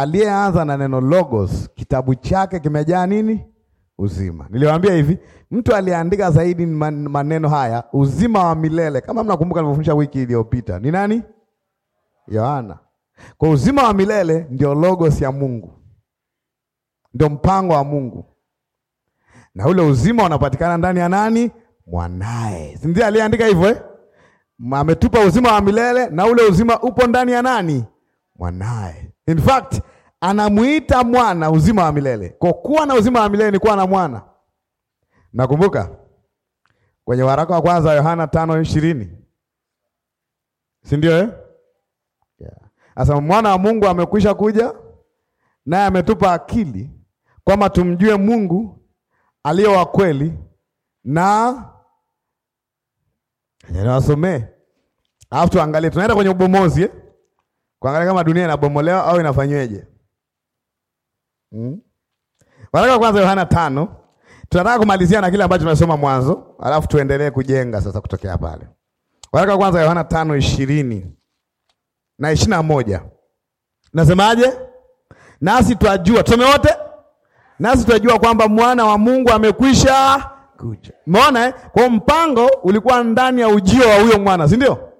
aliyeanza na neno logos, kitabu chake kimejaa nini? Uzima. Niliwaambia hivi, mtu aliandika zaidi maneno haya, uzima wa milele. Kama mnakumbuka nilivyofundisha wiki iliyopita, ni nani? Yohana. Kwa uzima wa milele ndio logos ya Mungu, ndio mpango wa Mungu, na ule uzima unapatikana ndani ya nani? Mwanaye. Si ndiye aliandika hivyo eh? Ametupa uzima wa milele na ule uzima upo ndani ya nani? Mwanaye. In fact, anamuita mwana uzima wa milele. Kwa kuwa na uzima wa milele ni kuwa na mwana. Nakumbuka kwenye waraka wa kwanza Yohana tano ishirini, si ndio eh? Asa yeah. Mwana wa Mungu amekwisha kuja naye ametupa akili kwamba tumjue Mungu aliye wa kweli na nawasomee, alafu tuangalie, tunaenda kwenye ubomozi eh? Kuangalia kama dunia inabomolewa au inafanyweje mm? Waraka kwanza Yohana tano. Tunataka kumalizia na kile ambacho tumesoma mwanzo, alafu tuendelee kujenga sasa kutokea pale. Waraka kwanza Yohana tano ishirini na ishirini na moja nasemaje? Nasi twajua tusome wote, nasi twajua kwamba mwana wa Mungu amekwisha kuja. Umeona eh? Kwa mpango ulikuwa ndani ya ujio wa huyo mwana, si ndio?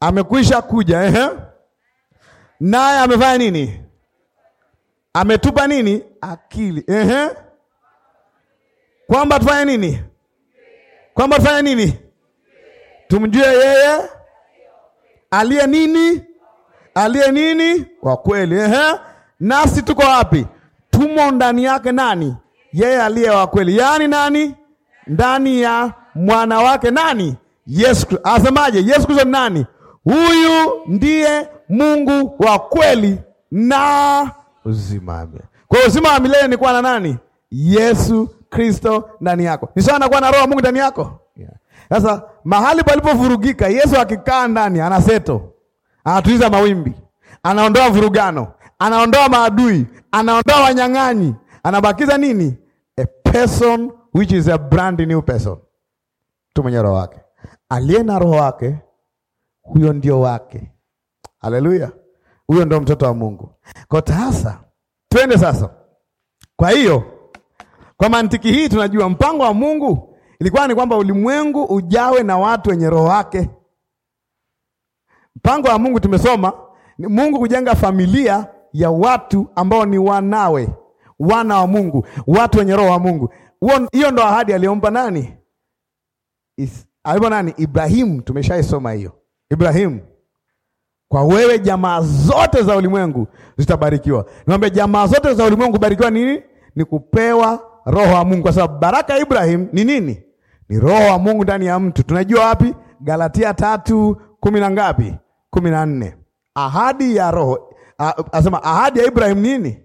Amekwisha kuja ehe, Naye amefanya nini? ametupa nini? Akili. Ehe, kwamba tufanye nini? Kwamba tufanye nini? Tumjue yeye aliye nini? Aliye nini? Kwa kweli. Ehe, nasi tuko wapi? Tumo ndani yake. Nani? Yeye aliye wa kweli, yaani nani? Ndani ya mwana wake nani? Yesu. Asemaje? Yesu Kristo nani? Huyu ndiye Mungu wa kweli na usimame. Kwa hiyo uzima wa milele ni kuwa na nani? Yesu Kristo ndani yako. Ni sawa na kuwa na roho Mungu ndani yako. Sasa mahali palipovurugika, Yesu akikaa ndani anaseto, anatuliza mawimbi, anaondoa vurugano, anaondoa maadui, anaondoa wanyang'anyi, anabakiza nini? A person which is a brand new person. Tu mwenye roho wake, aliye na roho wake, huyo ndio wake. Haleluya. Huyo ndo mtoto wa Mungu. Kwa sasa twende sasa. Kwa hiyo kwa mantiki hii tunajua mpango wa Mungu ilikuwa ni kwamba ulimwengu ujawe na watu wenye roho wake. Mpango wa Mungu tumesoma ni Mungu kujenga familia ya watu ambao ni wanawe, wana wa Mungu, watu wenye roho wa Mungu. Hiyo ndo ahadi aliyompa nani? Is, alipo nani? Ibrahimu. Tumeshaisoma hiyo Ibrahimu kwa wewe jamaa zote za ulimwengu zitabarikiwa. Niwaambie jamaa zote za ulimwengu kubarikiwa nini? Ni kupewa roho wa Mungu, kwa sababu baraka ya Ibrahim ni nini? Ni roho wa Mungu ndani ya mtu. Tunajua wapi? Galatia tatu kumi na ngapi? kumi na nne. Ahadi ya roho asema, ahadi ya Ibrahim nini?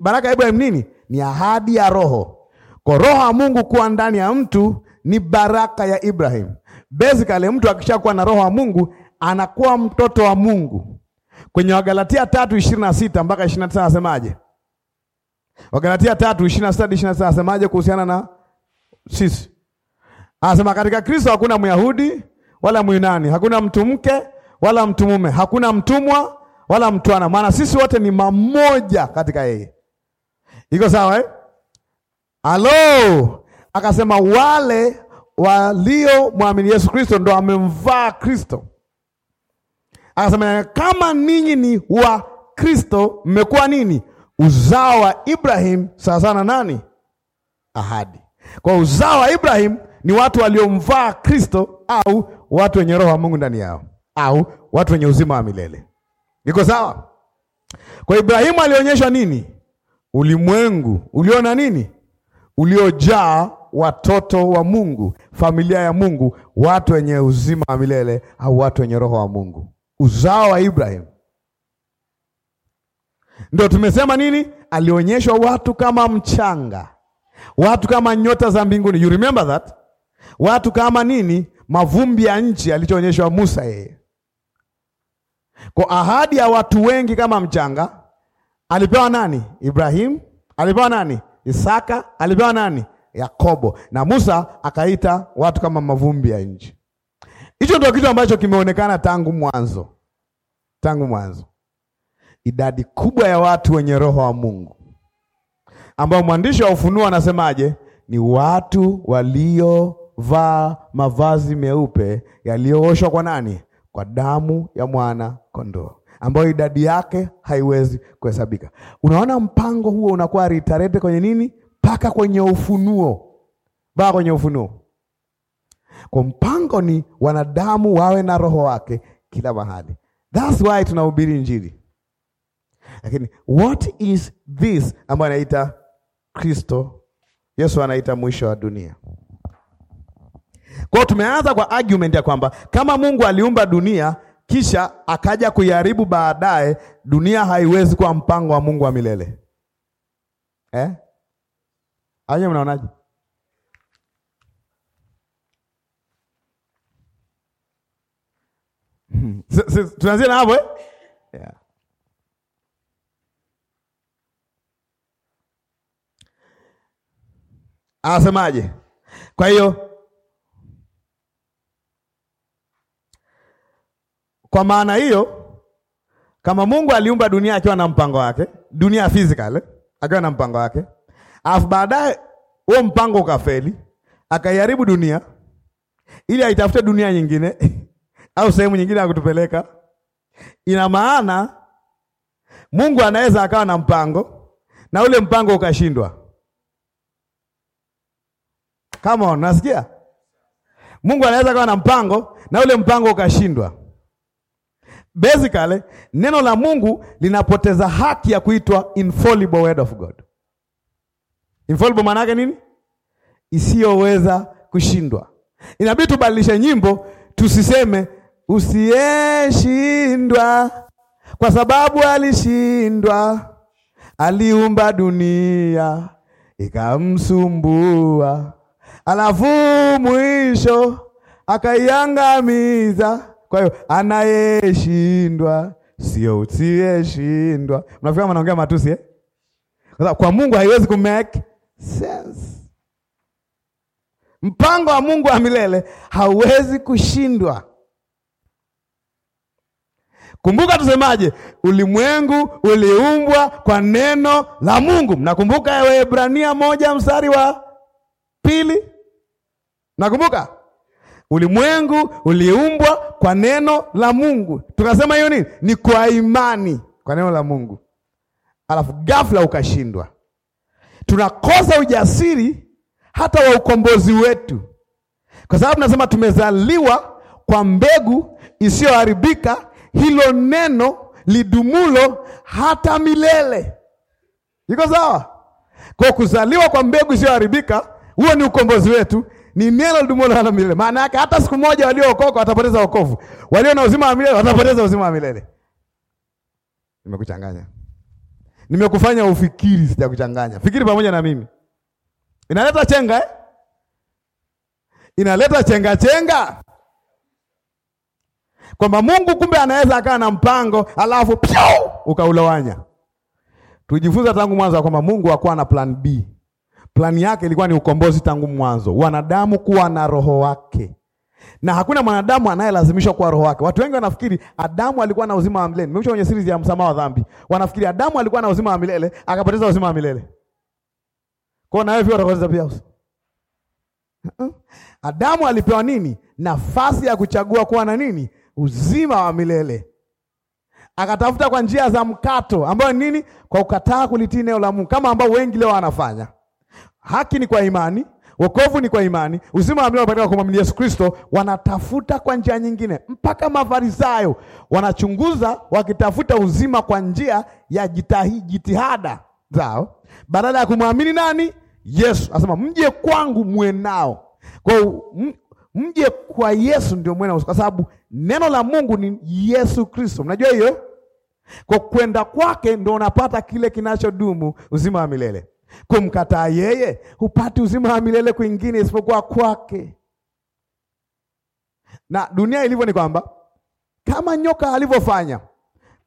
Baraka ya Ibrahim nini? Ni ahadi ya roho. Kwa roho wa Mungu kuwa ndani ya mtu ni baraka ya Ibrahim. Basically, mtu akishakuwa na roho wa Mungu anakuwa mtoto wa Mungu. Kwenye Wagalatia tatu ishirini na sita mpaka ishirini na tisa anasemaje? Wagalatia tatu ishirini na sita hadi ishirini na tisa anasemaje kuhusiana na sisi? Anasema katika Kristo hakuna Myahudi wala Myunani, hakuna mtu mke wala mtu mume, hakuna mtumwa wala mtwana, maana sisi wote ni mamoja katika yeye. Iko sawa eh? Alo, akasema wale walio mwamini Yesu Kristo ndo amemvaa Kristo. Akasema kama ninyi ni wa Kristo, mmekuwa nini? Uzao wa Ibrahim, sawa sana nani? Ahadi. Kwa uzao wa Ibrahim ni watu waliomvaa Kristo, au watu wenye roho wa Mungu ndani yao, au watu wenye uzima wa milele. Iko sawa? Kwa Ibrahimu alionyeshwa nini? Ulimwengu uliona nini? Uliojaa watoto wa Mungu, familia ya Mungu, watu wenye uzima wa milele, au watu wenye roho wa Mungu uzao wa Ibrahim. Ndio tumesema nini? Alionyeshwa watu kama mchanga, watu kama nyota za mbinguni. You remember that? Watu kama nini? Mavumbi ya nchi, alichoonyeshwa Musa yeye. Kwa ahadi ya watu wengi kama mchanga alipewa nani? Ibrahim. Alipewa nani? Isaka. Alipewa nani? Yakobo. Na Musa akaita watu kama mavumbi ya nchi. Hicho ndio kitu ambacho kimeonekana tangu mwanzo, tangu mwanzo, idadi kubwa ya watu wenye roho wa Mungu ambao mwandishi wa Ufunuo anasemaje? Ni watu waliovaa mavazi meupe yaliyooshwa kwa nani? Kwa damu ya mwana kondoo, ambayo idadi yake haiwezi kuhesabika. Unaona, mpango huo unakuwa ritarete kwenye nini? Mpaka kwenye Ufunuo, mpaka kwenye Ufunuo. Kwa mpango ni wanadamu wawe na roho wake kila mahali. That's why tunahubiri Injili. Lakini what is this ambayo anaita Kristo, Yesu anaita mwisho wa dunia. Kwao tumeanza kwa argument ya kwamba kama Mungu aliumba dunia kisha akaja kuiharibu baadaye, dunia haiwezi kuwa mpango wa Mungu wa milele eh? Aje, mnaonaje? tunaanzia na hapo eh? yeah. Anasemaje? Kwa hiyo kwa maana hiyo, kama Mungu aliumba dunia akiwa na mpango wake, dunia physical eh, akiwa na mpango wake, alafu baadaye huo mpango ukafeli, akaiharibu dunia ili aitafute dunia nyingine au sehemu nyingine ya kutupeleka. Ina maana Mungu anaweza akawa na mpango na ule mpango ukashindwa. Come on, nasikia? Mungu anaweza akawa na mpango na ule mpango ukashindwa. Basically, neno la Mungu linapoteza haki ya kuitwa infallible word of God. Infallible maana yake nini? Isiyoweza kushindwa. Inabidi tubadilishe nyimbo tusiseme usiyeshindwa, kwa sababu alishindwa. Aliumba dunia ikamsumbua, alafu mwisho akaiangamiza. Kwa hiyo anayeshindwa sio usiyeshindwa. Mnafikiri mnaongea matusi eh? Kwa Mungu haiwezi make sense. Mpango wa Mungu wa milele hauwezi kushindwa. Kumbuka tusemaje? Ulimwengu uliumbwa kwa neno la Mungu. Mnakumbuka Waebrania moja mstari wa pili? Nakumbuka ulimwengu uliumbwa kwa neno la Mungu. Tukasema hiyo nini? Ni kwa imani kwa neno la Mungu, alafu ghafla ukashindwa. Tunakosa ujasiri hata wa ukombozi wetu, kwa sababu nasema tumezaliwa kwa mbegu isiyoharibika hilo neno lidumulo hata milele. Iko sawa? Kwa kuzaliwa kwa mbegu isiyoharibika, huo ni ukombozi wetu, ni neno lidumulo hata milele. Maana yake hata siku moja waliookoka watapoteza wokovu, walio na uzima wa milele watapoteza uzima wa milele. Nimekuchanganya, nimekufanya ufikiri, sijakuchanganya. Fikiri pamoja na mimi, inaleta chenga eh? inaleta chenga chenga kwamba Mungu kumbe anaweza akawa na mpango alafu pyo ukaulowanya. Tujifunza tangu mwanzo kwamba Mungu hakuwa na plan B. Plan yake ilikuwa ni ukombozi tangu mwanzo, wanadamu kuwa na roho wake, na hakuna mwanadamu anayelazimishwa kuwa roho wake. Watu wengi wanafikiri Adamu alikuwa na uzima wa milele. Nimesha kwenye series ya msamaha wa dhambi, wanafikiri Adamu alikuwa na uzima wa milele akapoteza uzima wa milele. Kwa na wewe utakosa pia usi. Uh-uh. Adamu alipewa nini? Nafasi ya kuchagua kuwa na nini? uzima wa milele akatafuta kwa njia za mkato, ambayo nini? Kwa kukataa kulitii neno la Mungu, kama ambao wengi leo wanafanya. Haki ni kwa imani, wokovu ni kwa imani, uzima wa milele unapatikana kwa kumwamini Yesu Kristo. Wanatafuta kwa njia nyingine, mpaka Mafarisayo wanachunguza wakitafuta uzima kwa njia ya jitahi, jitihada zao badala ya kumwamini nani? Yesu asema mje kwangu mwenao. nao. Kwa mje kwa Yesu ndio mwenao, kwa sababu Neno la Mungu ni Yesu Kristo, mnajua hiyo. Kwa kwenda kwake ndo unapata kile kinachodumu, uzima wa milele. Kumkataa yeye hupati uzima wa milele kwingine isipokuwa kwake. Na dunia ilivyo ni kwamba kama nyoka alivyofanya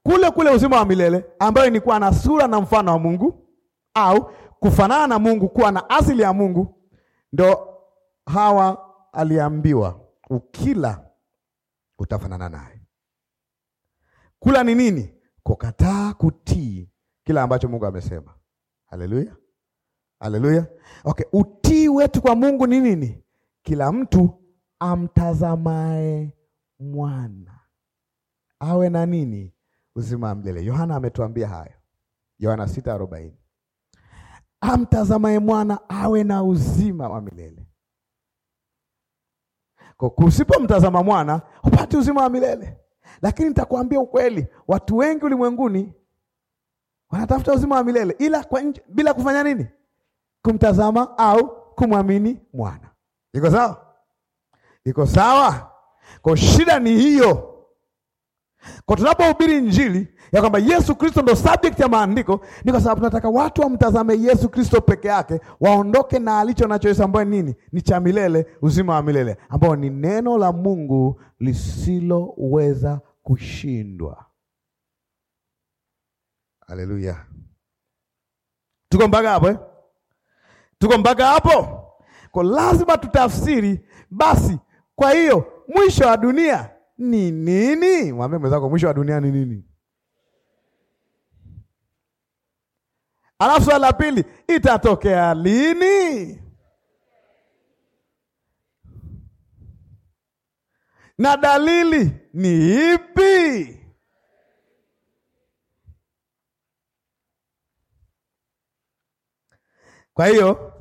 kule kule uzima wa milele ambayo ni kuwa na sura na mfano wa Mungu au kufanana na Mungu, kuwa na asili ya Mungu, ndo Hawa aliambiwa ukila utafanana naye. Kula ni nini? Kukataa kutii kila ambacho Mungu amesema. Haleluya, haleluya. Okay, utii wetu kwa Mungu ni nini? Kila mtu amtazamaye mwana awe na nini? Uzima wa milele. Yohana ametuambia hayo, Yohana sita arobaini. mwana awe na uzima wa milele. Usipomtazama mwana upati uzima wa milele. Lakini nitakwambia ukweli, watu wengi ulimwenguni wanatafuta uzima wa milele ila kwa nje, bila kufanya nini? Kumtazama au kumwamini mwana. Iko sawa? Iko sawa? Kwa shida ni hiyo. Kwa tunapohubiri Injili ya kwamba Yesu Kristo ndo subject ya maandiko, ni kwa sababu tunataka watu wamtazame Yesu Kristo peke yake, waondoke na alicho nacho Yesu, ambayo nini? Ni cha milele, uzima wa milele, ambao ni neno la Mungu lisiloweza kushindwa. Haleluya, tuko mpaka hapo eh? Tuko mpaka hapo, kwa lazima tutafsiri. Basi kwa hiyo mwisho wa dunia ni nini? Mwambie mwenzako mwisho wa dunia ni nini? Alafu swali la pili, itatokea lini? Na dalili ni ipi? Kwa hiyo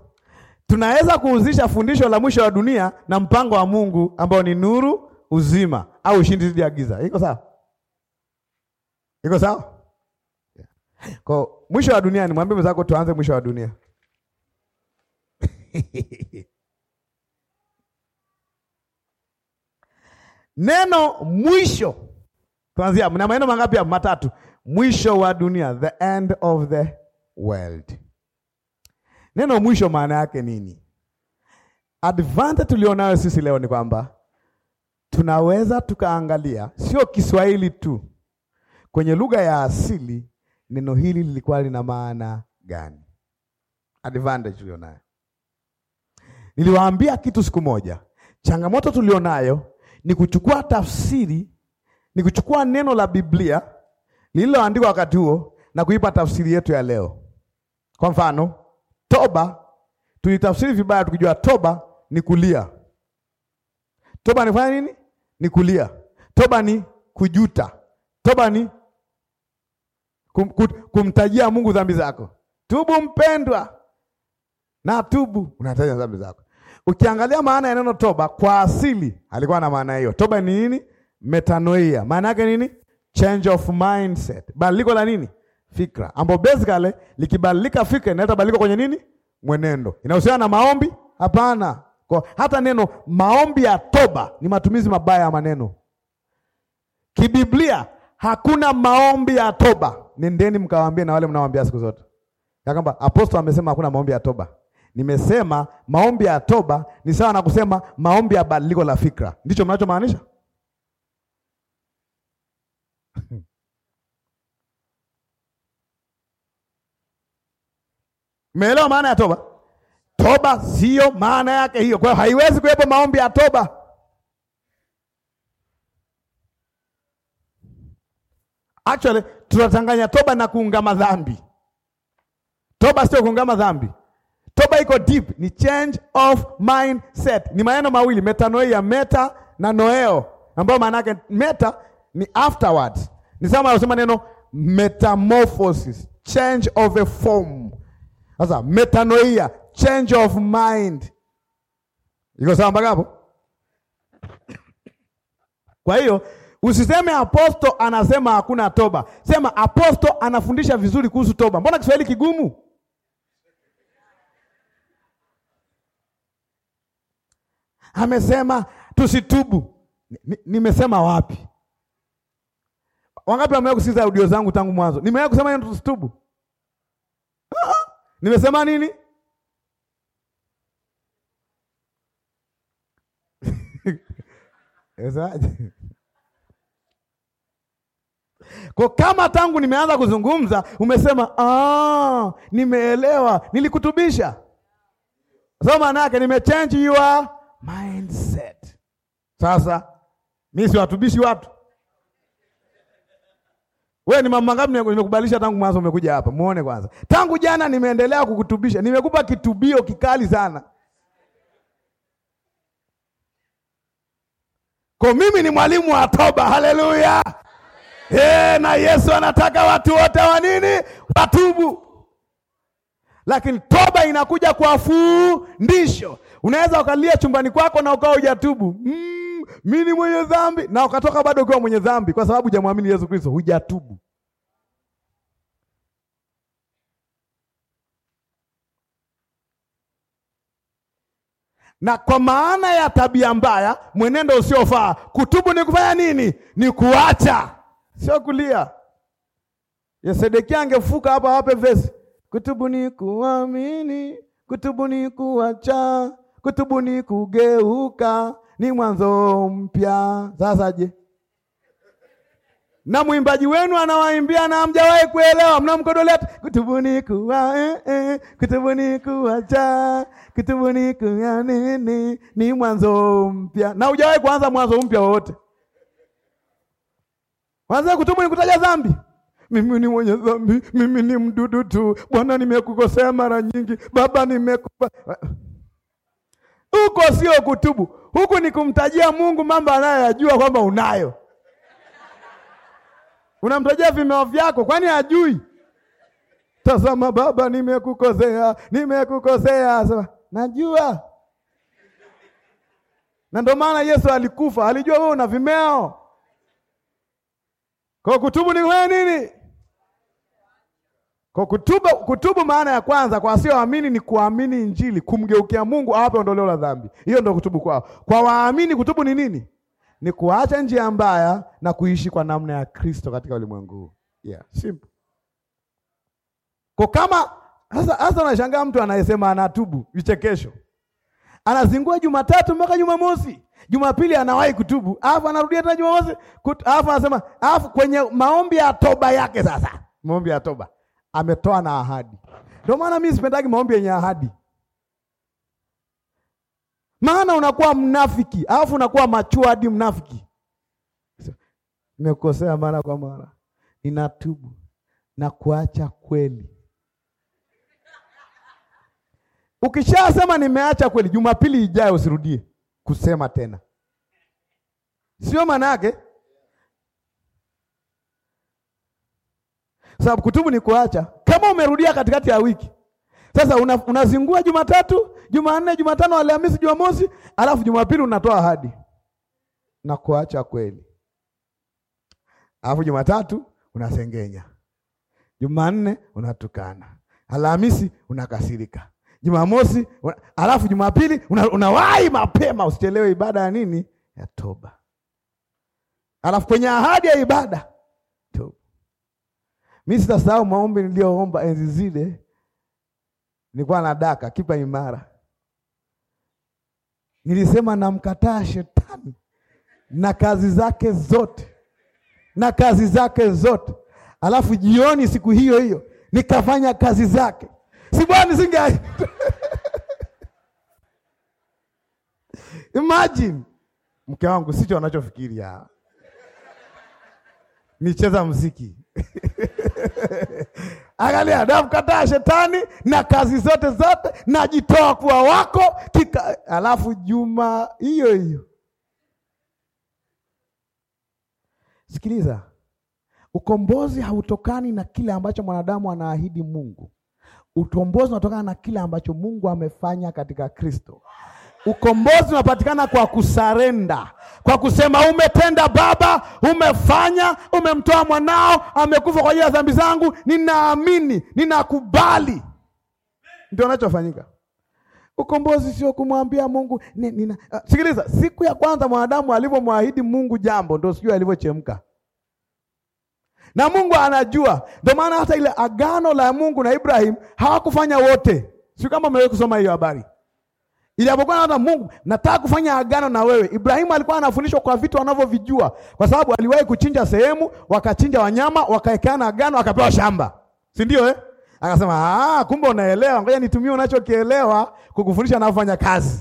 tunaweza kuhusisha fundisho la mwisho wa dunia na mpango wa Mungu ambao ni nuru, uzima au ushindi dhidi ya giza. Iko sawa? Iko sawa? Kwa mwisho wa dunia ni mwambie mwenzako tuanze mwisho wa dunia. Neno mwisho tuanzia mna maneno mangapi? Ya matatu. Mwisho wa dunia, the end of the world. Neno mwisho maana yake nini? Advantage tulionayo sisi leo ni kwamba tunaweza tukaangalia sio Kiswahili tu, kwenye lugha ya asili neno hili lilikuwa lina maana gani? Advantage ulionayo. Niliwaambia kitu siku moja, changamoto tulionayo ni kuchukua tafsiri, ni kuchukua neno la Biblia lililoandikwa wakati huo na kuipa tafsiri yetu ya leo. Kwa mfano, toba tulitafsiri vibaya, tukijua toba ni kulia. Toba ni nini? ni kulia, toba ni kujuta, toba ni kum, kum, kumtajia Mungu dhambi zako. Tubu mpendwa, na tubu unataja dhambi zako. Ukiangalia maana ya neno toba kwa asili alikuwa na maana hiyo. Toba ni nini? Metanoia, maana yake nini? Change of mindset, badiliko la nini? Fikra, ambapo basically likibadilika fikra inaleta badiliko kwenye nini? Mwenendo. Inahusiana na maombi? Hapana. Kwa hata neno maombi ya toba ni matumizi mabaya ya maneno. Kibiblia hakuna maombi ya toba. Nendeni mkawaambie na wale mnaowaambia siku zote. Ya kwamba apostol amesema hakuna maombi ya toba. Nimesema maombi ya toba ni sawa na kusema maombi ya badiliko la fikra. Ndicho mnachomaanisha? Meelewa maana ya toba? toba sio maana yake hiyo. Kwa hiyo haiwezi kuwepo maombi ya toba. Actually tunatanganya toba na kuungama dhambi. Toba sio kuungama dhambi. Toba iko deep, ni change of mindset. Ni maneno mawili, metanoia, meta na noeo, ambayo maana yake meta ni afterwards. Ni sawa unasema neno metamorphosis, change of a form. Sasa metanoia change of mind. Iko sawa mpaka hapo? Kwa hiyo usiseme aposto anasema hakuna toba, sema aposto anafundisha vizuri kuhusu toba. Mbona Kiswahili kigumu? Amesema tusitubu. Nimesema wapi? Wangapi wamewahi kusikiza audio zangu tangu mwanzo? Nimewahi kusema tusitubu? Nimesema nini? Kwa kama tangu nimeanza kuzungumza umesema ah, nimeelewa, nilikutubisha. So maana yake nimechange your mindset. Sasa mimi siwatubishi watu. We ni mama ngapi nimekubalisha tangu mwanzo umekuja hapa? Muone kwanza. Tangu jana nimeendelea kukutubisha. Nimekupa kitubio kikali sana. Kwa mimi ni mwalimu wa toba. Haleluya! Hey, eh, na Yesu anataka watu wote wa nini? Watubu. Lakini toba inakuja kwa fundisho. Unaweza ukalia chumbani kwako na ukawa hujatubu. Mm, mimi ni mwenye dhambi na ukatoka bado ukiwa mwenye dhambi kwa sababu hujamwamini Yesu Kristo, hujatubu. na kwa maana ya tabia mbaya, mwenendo usiofaa. Kutubu ni kufanya nini? Ni kuacha, sio kulia. Yesedekia angefuka hapa, wape vesi. Kutubu ni kuamini, kutubu ni kuacha, kutubu ni kugeuka, ni mwanzo mpya. Sasa je na mwimbaji wenu anawaimbia na hamjawahi kuelewa, mnamkodolea kutubuni kuwa eh, eh, kutubuni kuwa cha kutubuni kuwa nini, ni mwanzo mpya, na hujawahi kuanza mwanzo mpya wote. Kwanza kutubuni kutaja dhambi mimi ni mwenye dhambi, mimi ni mdudu tu. Bwana, nimekukosea mara nyingi. Baba, nimekupa huko. Sio kutubu huku, ni kumtajia Mungu mambo anayoyajua kwamba unayo unamtajia vimeo vyako, kwani hajui? Tazama baba, nimekukosea, nimekukosea. Sema najua. Na ndio maana Yesu alikufa, alijua wewe una vimeo. Kwa kutubu ni wewe nini? Kwa kutubu, kutubu maana ya kwanza kwa asioamini ni kuamini Injili, kumgeukia Mungu awape ondoleo la dhambi. Hiyo ndio kutubu kwao. Kwa waamini kutubu ni nini? ni kuacha njia mbaya na kuishi kwa namna ya Kristo katika ulimwengu huu. Yeah, simple. Kwa kama sasa sasa unashangaa mtu anayesema anatubu, vichekesho. Anazingua Jumatatu mpaka Jumamosi. Jumapili anawahi kutubu, alafu anarudia tena Jumamosi, alafu anasema, alafu kwenye maombi ya toba yake sasa. Maombi ya toba. Ametoa na ahadi. Ndio maana mimi sipendagi maombi yenye ahadi maana unakuwa mnafiki, alafu unakuwa machua hadi mnafiki. Nimekosea mara kwa mara, ninatubu na kuacha kweli. Ukishasema nimeacha kweli, Jumapili ijayo usirudie kusema tena, sio maana yake, sababu kutubu ni kuacha. Kama umerudia katikati ya wiki, sasa una, unazingua Jumatatu Jumanne, Jumatano, Alhamisi, Jumamosi, alafu Jumapili unatoa ahadi na kuacha kweli, alafu Jumatatu unasengenya, Jumanne unatukana, Alhamisi unakasirika, Jumamosi una... alafu Jumapili unawahi mapema usichelewe ibada ya nini ya toba, alafu kwenye ahadi ya ibada toba. Mimi sitasahau maombi niliyoomba enzi zile, nilikuwa daka kipa imara Nilisema namkataa shetani na kazi zake zote na kazi zake zote. Alafu jioni siku hiyo hiyo nikafanya kazi zake, si bwana singai Imagine mke wangu sicho anachofikiria, nicheza mziki Angalia, kataa shetani na kazi zote zote, najitoa kuwa wako kika. Alafu juma hiyo hiyo, sikiliza, ukombozi hautokani na kile ambacho mwanadamu anaahidi Mungu. Ukombozi unatokana na kile ambacho Mungu amefanya katika Kristo. Ukombozi unapatikana kwa kusarenda, kwa kusema umetenda Baba, umefanya, umemtoa mwanao, amekufa kwa ajili ya dhambi zangu, ninaamini, ninakubali. Ndio anachofanyika ukombozi, sio kumwambia Mungu nina. Ah, sikiliza, siku ya kwanza mwanadamu alivyomwahidi Mungu jambo, ndio sijui alivyochemka na Mungu anajua. Ndio maana hata ile agano la Mungu na Ibrahim hawakufanya wote, sio kama umewahi kusoma hiyo habari ili apokuwa na Mungu, nataka kufanya agano na wewe. Ibrahimu alikuwa anafundishwa kwa vitu anavyovijua, kwa sababu aliwahi kuchinja sehemu, wakachinja wanyama, wakaekeana agano, akapewa shamba, si ndio eh? Akasema ah, kumbe unaelewa, ngoja nitumie unachokielewa kukufundisha na kufanya kazi.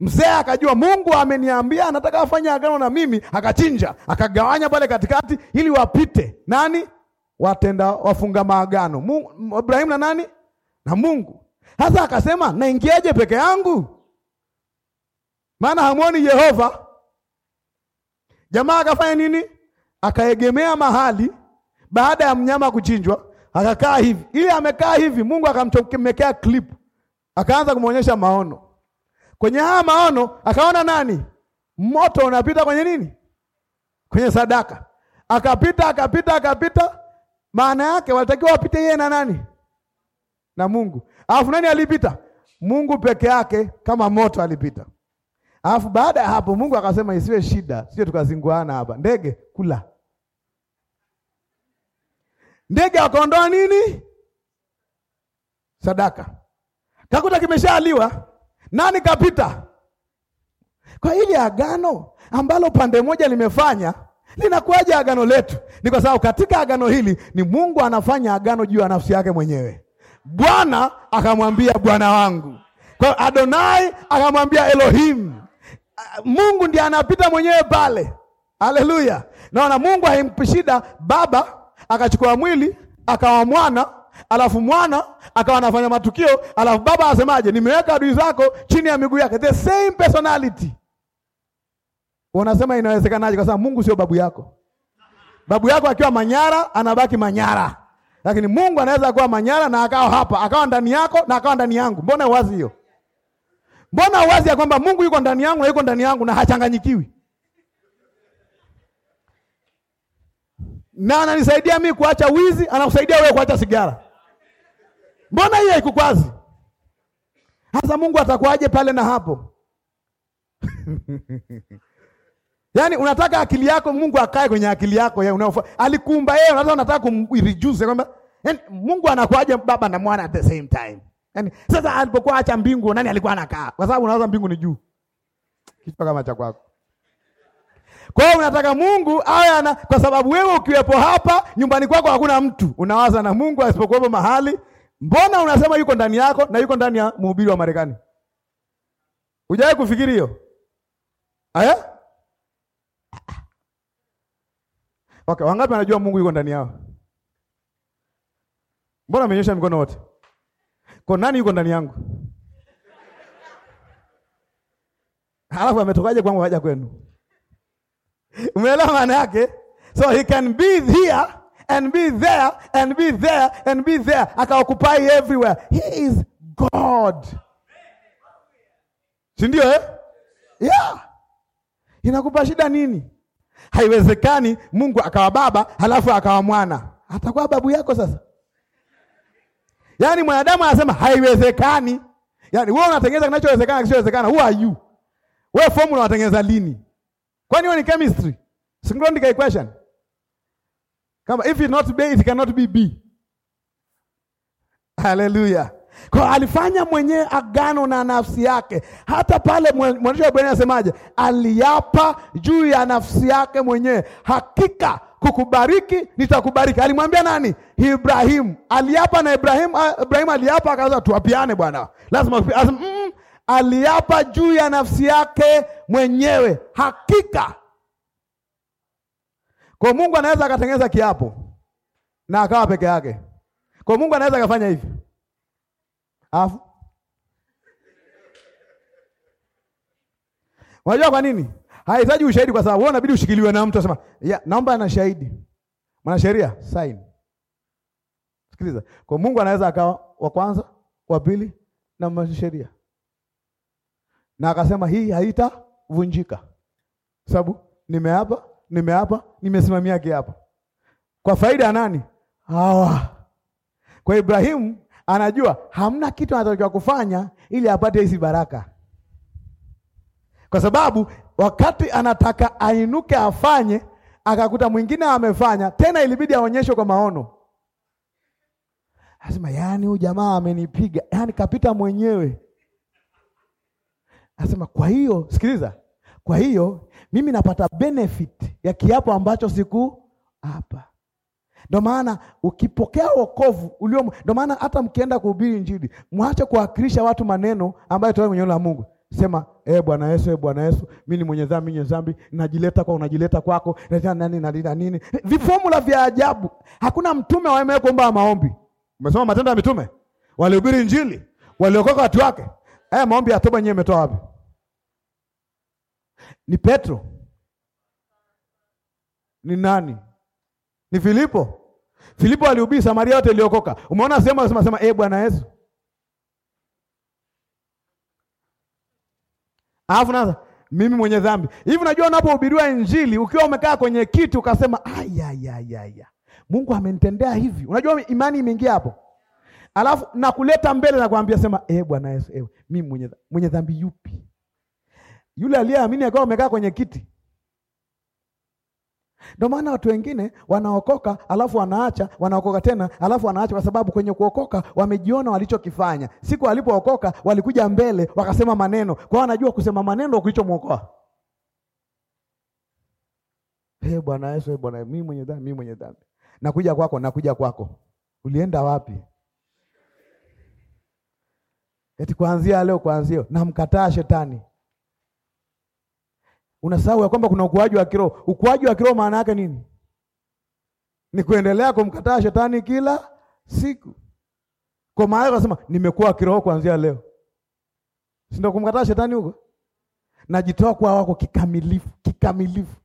Mzee akajua Mungu ameniambia anataka afanye agano na mimi, akachinja, akagawanya pale katikati ili wapite nani watenda wafunga maagano Ibrahimu na nani na Mungu. hasa akasema naingiaje peke yangu? maana hamuoni Yehova. Jamaa akafanya nini? Akaegemea mahali baada ya mnyama kuchinjwa, akakaa hivi. Ili amekaa hivi, Mungu akamchomekea clip, akaanza kumwonyesha maono. Kwenye haya maono akaona nani? Moto unapita kwenye nini? Kwenye sadaka. Akapita, akapita, akapita. Maana yake walitakiwa wapite yeye na nani? Na Mungu. Alafu nani alipita? Mungu peke yake, kama moto alipita. Alafu baada ya hapo Mungu akasema isiwe shida, sio tukazinguana hapa. Ndege kula. Ndege akaondoa nini? Sadaka. Kakuta kimeshaaliwa. Nani kapita? Kwa ile agano ambalo pande moja limefanya linakuwaje agano letu? Ni kwa sababu katika agano hili ni Mungu anafanya agano juu ya nafsi yake mwenyewe. Bwana akamwambia Bwana wangu. Kwa Adonai akamwambia Elohim. Mungu ndiye anapita mwenyewe pale. Haleluya! Naona Mungu haimpi shida. Baba akachukua mwili akawa mwana, alafu mwana akawa anafanya matukio, alafu baba asemaje? Nimeweka adui zako chini ya miguu yake. The same personality. Wanasema inawezekanaje? Kwa sababu Mungu sio babu yako. Babu yako akiwa Manyara anabaki Manyara, lakini Mungu anaweza kuwa Manyara na akawa hapa, akawa ndani yako na akawa ndani yangu. Mbona wazi hiyo? Mbona uwazi ya kwamba Mungu yuko ndani yangu na yuko ndani yangu na hachanganyikiwi na ananisaidia mimi kuacha wizi, anakusaidia wewe kuacha sigara. Mbona hiyo haikukwazi? Hasa Mungu atakuaje pale na hapo? Yaani unataka akili yako Mungu akae kwenye akili yako yeye yaani unaofa. Alikuumba yeye unataka unataka kumreduce kwamba yaani Mungu anakuaje baba na mwana at the same time. Yaani sasa alipokuwa acha mbingu nani alikuwa anakaa? Kwa sababu unawaza mbingu ni juu. Kichwa kama cha kwako. Kwa hiyo unataka Mungu awe ana kwa sababu wewe ukiwepo hapa nyumbani kwako hakuna mtu. Unawaza na Mungu asipokuwepo mahali, mbona unasema yuko ndani yako na yuko ndani ya mhubiri wa Marekani? Hujawahi kufikiri hiyo? Aya? Eh? Okay, wangapi wanajua Mungu yuko ndani yao? Mbona amenyosha mikono wote? Kwa nani yuko ndani yangu? Halafu ametokaje kwangu haja kwenu? Umeelewa maana yake? So he can be here and be there and be there and be there. Akaoccupy everywhere. He is God. Si ndio eh? Yeah. Inakupa shida nini? Haiwezekani Mungu akawa baba halafu akawa mwana. Atakuwa babu yako sasa. Yaani mwanadamu anasema haiwezekani. Yaani wewe unatengeneza kinachowezekana kisichowezekana. Who are you? Wewe formula unatengeneza lini? Kwani wewe ni chemistry? Synchronic equation. Kama if it not be it cannot be B. Hallelujah. Kwa alifanya mwenyewe agano na nafsi yake. Hata pale mwandishi wa Waebrania anasemaje? Aliapa juu ya nafsi yake mwenyewe. Hakika kukubariki nitakubariki. Alimwambia nani? Ibrahimu. Aliapa na Ibrahimu. Ibrahimu aliapa akaanza, tuapiane bwana, lazima mm, aliapa juu ya nafsi yake mwenyewe hakika. Kwa Mungu anaweza akatengeneza kiapo na akawa peke yake. Kwa Mungu anaweza akafanya hivi alafu Unajua kwa nini? Hahitaji ushahidi kwa sababu wewe unabidi ushikiliwe na mtu asema, "Ya, naomba ana shahidi." Mwana sheria, sign. Sikiliza. Kwa Mungu anaweza akawa wa kwanza, wa pili na mwana sheria. Na akasema hii haita vunjika. Sababu nimeapa, nimeapa, nimesimamia kiapo. Kwa faida ya nani? Hawa. Kwa Ibrahimu anajua hamna kitu anatakiwa kufanya ili apate hizi baraka. Kwa sababu wakati anataka ainuke afanye, akakuta mwingine amefanya tena, ilibidi aonyeshwe kwa maono. Asema, yani, huyu jamaa amenipiga, yani kapita mwenyewe. Asema kwa hiyo, sikiliza, kwa hiyo mimi napata benefit ya kiapo ambacho siku hapa. Ndio maana ukipokea wokovu ulio, ndio maana hata mkienda kuhubiri Injili, mwache kuwakilisha watu maneno ambayo toka kwenye neno la Mungu sema e, Bwana Yesu, e, Bwana Yesu, mimi ni mwenye dhambi, mwenye dhambi, najileta kwa unajileta kwako, naleta nani, naleta nini? Vifomula vya ajabu. Hakuna mtume waemee kuomba maombi. Umesoma Matendo ya Mitume, walihubiri Injili, waliokoka watu wake. Haya eh, maombi ya toba yenyewe imetoa wapi? Ni Petro? Ni nani? Ni Filipo? Filipo alihubiri Samaria yote iliokoka. Umeona sema anasema sema, e, Bwana Yesu Alafu nasa mimi mwenye dhambi. Hivi unajua unapohubiriwa Injili ukiwa umekaa kwenye kiti ukasema ayayayaya, Mungu amenitendea hivi, unajua imani imeingia hapo. Alafu nakuleta mbele na kuambia sema, eh Bwana Yesu, eh mimi mwenye dhambi, mwenye dhambi yupi? Yule aliyeamini akawa amekaa kwenye kiti ndio maana watu wengine wanaokoka alafu wanaacha, wanaokoka tena alafu wanaacha, kwa sababu kwenye kuokoka wamejiona walichokifanya. Siku walipookoka walikuja mbele wakasema maneno, kwa hiyo wanajua kusema maneno kulichomwokoa. Hey, Bwana Yesu, hey, Bwana mimi mwenye dhambi, mimi mwenye dhambi, nakuja kwako, nakuja kwako. Ulienda wapi? Eti kuanzia leo, kuanzia namkataa shetani unasahau ya kwamba kuna ukuaji wa kiroho. Ukuaji wa kiroho maana yake nini? Ni kuendelea kumkataa shetani kila siku. Kwa maana yeye anasema nimekuwa kiroho kuanzia leo, si ndio? Kumkataa shetani huko, najitoa kwa wako kikamilifu, kikamilifu.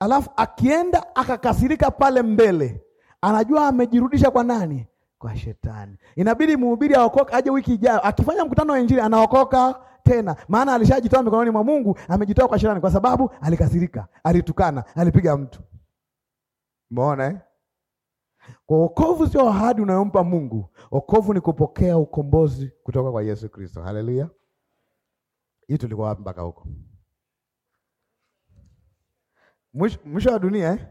Alafu akienda akakasirika pale mbele, anajua amejirudisha kwa nani? Kwa shetani. Inabidi mhubiri aokoke aje wiki ijayo, akifanya mkutano wa Injili anaokoka tena, maana alishajitoa mikononi mwa Mungu, amejitoa kwa shetani kwa sababu alikasirika, alitukana, alipiga mtu. Umeona eh? Kwa wokovu sio ahadi unayompa Mungu. Wokovu ni kupokea ukombozi kutoka kwa Yesu Kristo. Haleluya! Hii tulikuwa wapi mpaka huko? Mwisho wa dunia eh?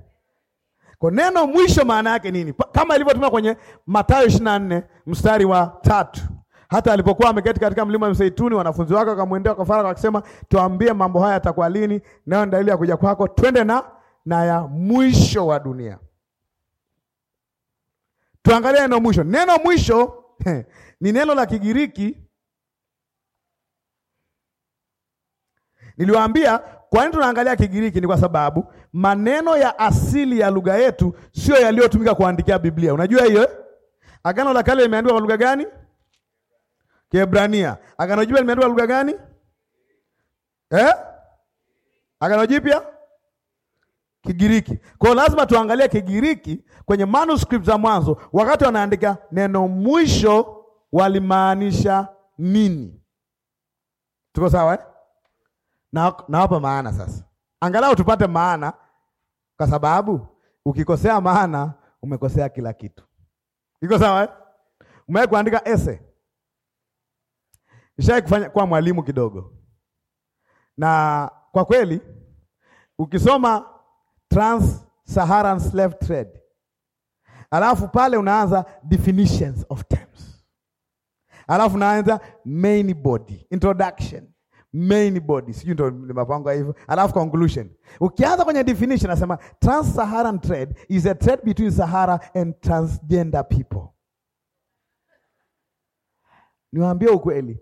Kwa neno mwisho maana yake nini? Kama ilivyotumia kwenye Mathayo 24 mstari wa tatu hata alipokuwa ameketi katika mlima wa Mzeituni, wanafunzi wake wakamwendea kwa faragha wakisema, tuambie mambo haya yatakuwa lini, nayo ni dalili ya kuja kwako, twende na na ya mwisho wa dunia. Tuangalie neno mwisho. Neno mwisho ni neno la Kigiriki. Niliwaambia kwa nini tunaangalia Kigiriki ni kwa sababu maneno ya asili ya lugha yetu sio yaliyotumika kuandikia Biblia. Unajua hiyo? Eh? Agano la Kale limeandikwa kwa lugha gani? Kiebrania. Agano Jipya limeandikwa lugha gani? Eh? Agano Jipya Kigiriki. Kwa lazima tuangalie Kigiriki kwenye manuscript za mwanzo, wakati wanaandika neno mwisho walimaanisha nini? Tuko sawa eh? Na nawapa maana sasa, angalau tupate maana, kwa sababu ukikosea maana umekosea kila kitu. Iko sawa eh? Umewahi kuandika ese Nishawahi kufanya kuwa mwalimu kidogo, na kwa kweli ukisoma Trans Saharan Slave Trade alafu pale unaanza definitions of terms, alafu unaanza main body, introduction, main body, sijui ndo limepangwa hivyo, alafu conclusion. Ukianza kwenye definition nasema Trans Saharan Trade is a trade between Sahara and transgender people. Niwaambie ukweli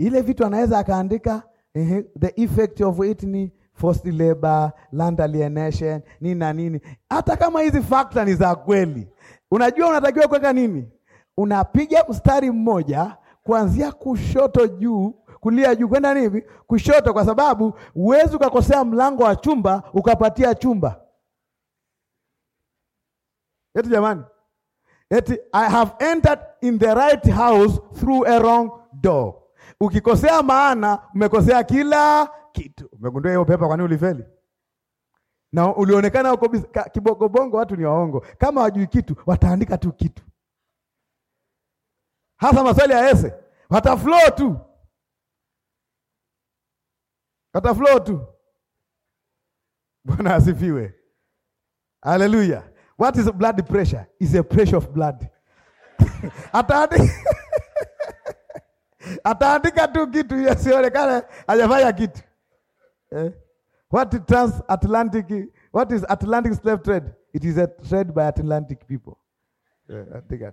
ile vitu anaweza akaandika eh, the effect of it ni forced labor, land alienation, nini na nini. Hata kama hizi factor ni za kweli, unajua unatakiwa kuweka nini? Unapiga mstari mmoja kuanzia kushoto juu, kulia juu kwenda nini, kushoto, kwa sababu huwezi ukakosea mlango wa chumba ukapatia chumba eti jamani, eti I have entered in the right house through a wrong door. Ukikosea maana umekosea kila kitu. Umegundua hiyo pepa, kwani ulifeli na ulionekana uko kibogobongo. Watu ni waongo, kama wajui kitu wataandika tu kitu, hasa maswali ya ese, wataflow tu, wataflow tu. Bwana asifiwe, haleluya. What is blood pressure? Is a pressure of blood ataandika ataandika tu kitu yasionekane hajafanya kitu eh? What is transatlantic, what is Atlantic slave trade? It is a trade by Atlantic people eh,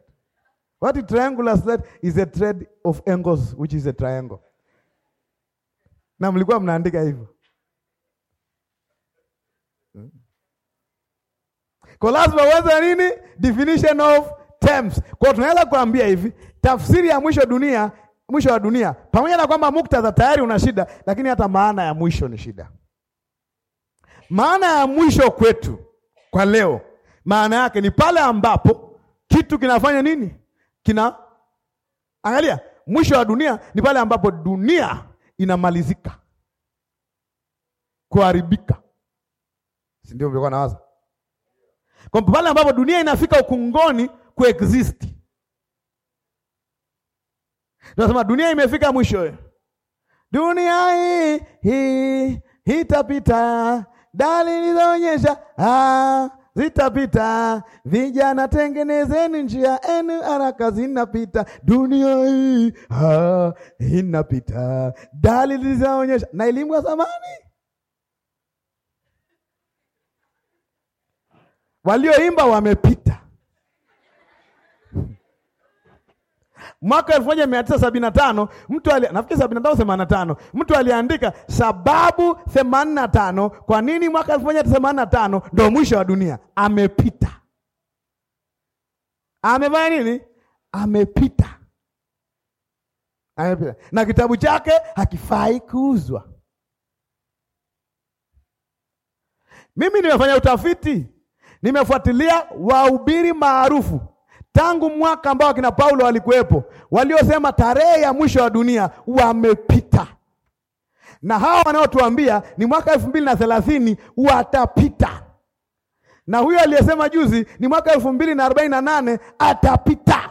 What is triangular slave is a trade of angles which is a triangle. Na mlikuwa mnaandika hivyo eh? Kwa lazima uweze nini? Definition of terms. Kwa tunaweza kuambia hivi, tafsiri ya mwisho dunia mwisho wa dunia, pamoja na kwamba muktadha tayari una shida, lakini hata maana ya mwisho ni shida. Maana ya mwisho kwetu kwa leo, maana yake ni pale ambapo kitu kinafanya nini? Kina angalia, mwisho wa dunia ni pale ambapo dunia inamalizika kuharibika, si ndio? Mlikuwa nawaza kwa pale ambapo dunia inafika ukungoni kuexist Tunasema dunia imefika mwisho. Dunia hii hii itapita, dalili zaonyesha ah, zitapita. Vijana tengenezeni njia enu, haraka zinapita. Dunia hii ah, inapita, dalili zaonyesha. Na elimu ya zamani walioimba wamepita mwaka elfu moja mia tisa na tano mtu ali nafikiri na tano mtu aliandika sababu na tano kwa nini mwaka tano ndo mwisho wa dunia. Amepita, amefanya nini? Amepita, amepita na kitabu chake hakifai kuuzwa. Mimi nimefanya utafiti, nimefuatilia wahubiri maarufu tangu mwaka ambao akina Paulo walikuwepo, waliosema tarehe ya mwisho wa dunia wamepita, na hawa wanaotuambia ni mwaka elfu mbili na thelathini watapita, na huyo aliyesema juzi ni mwaka elfu mbili na arobaini na nane atapita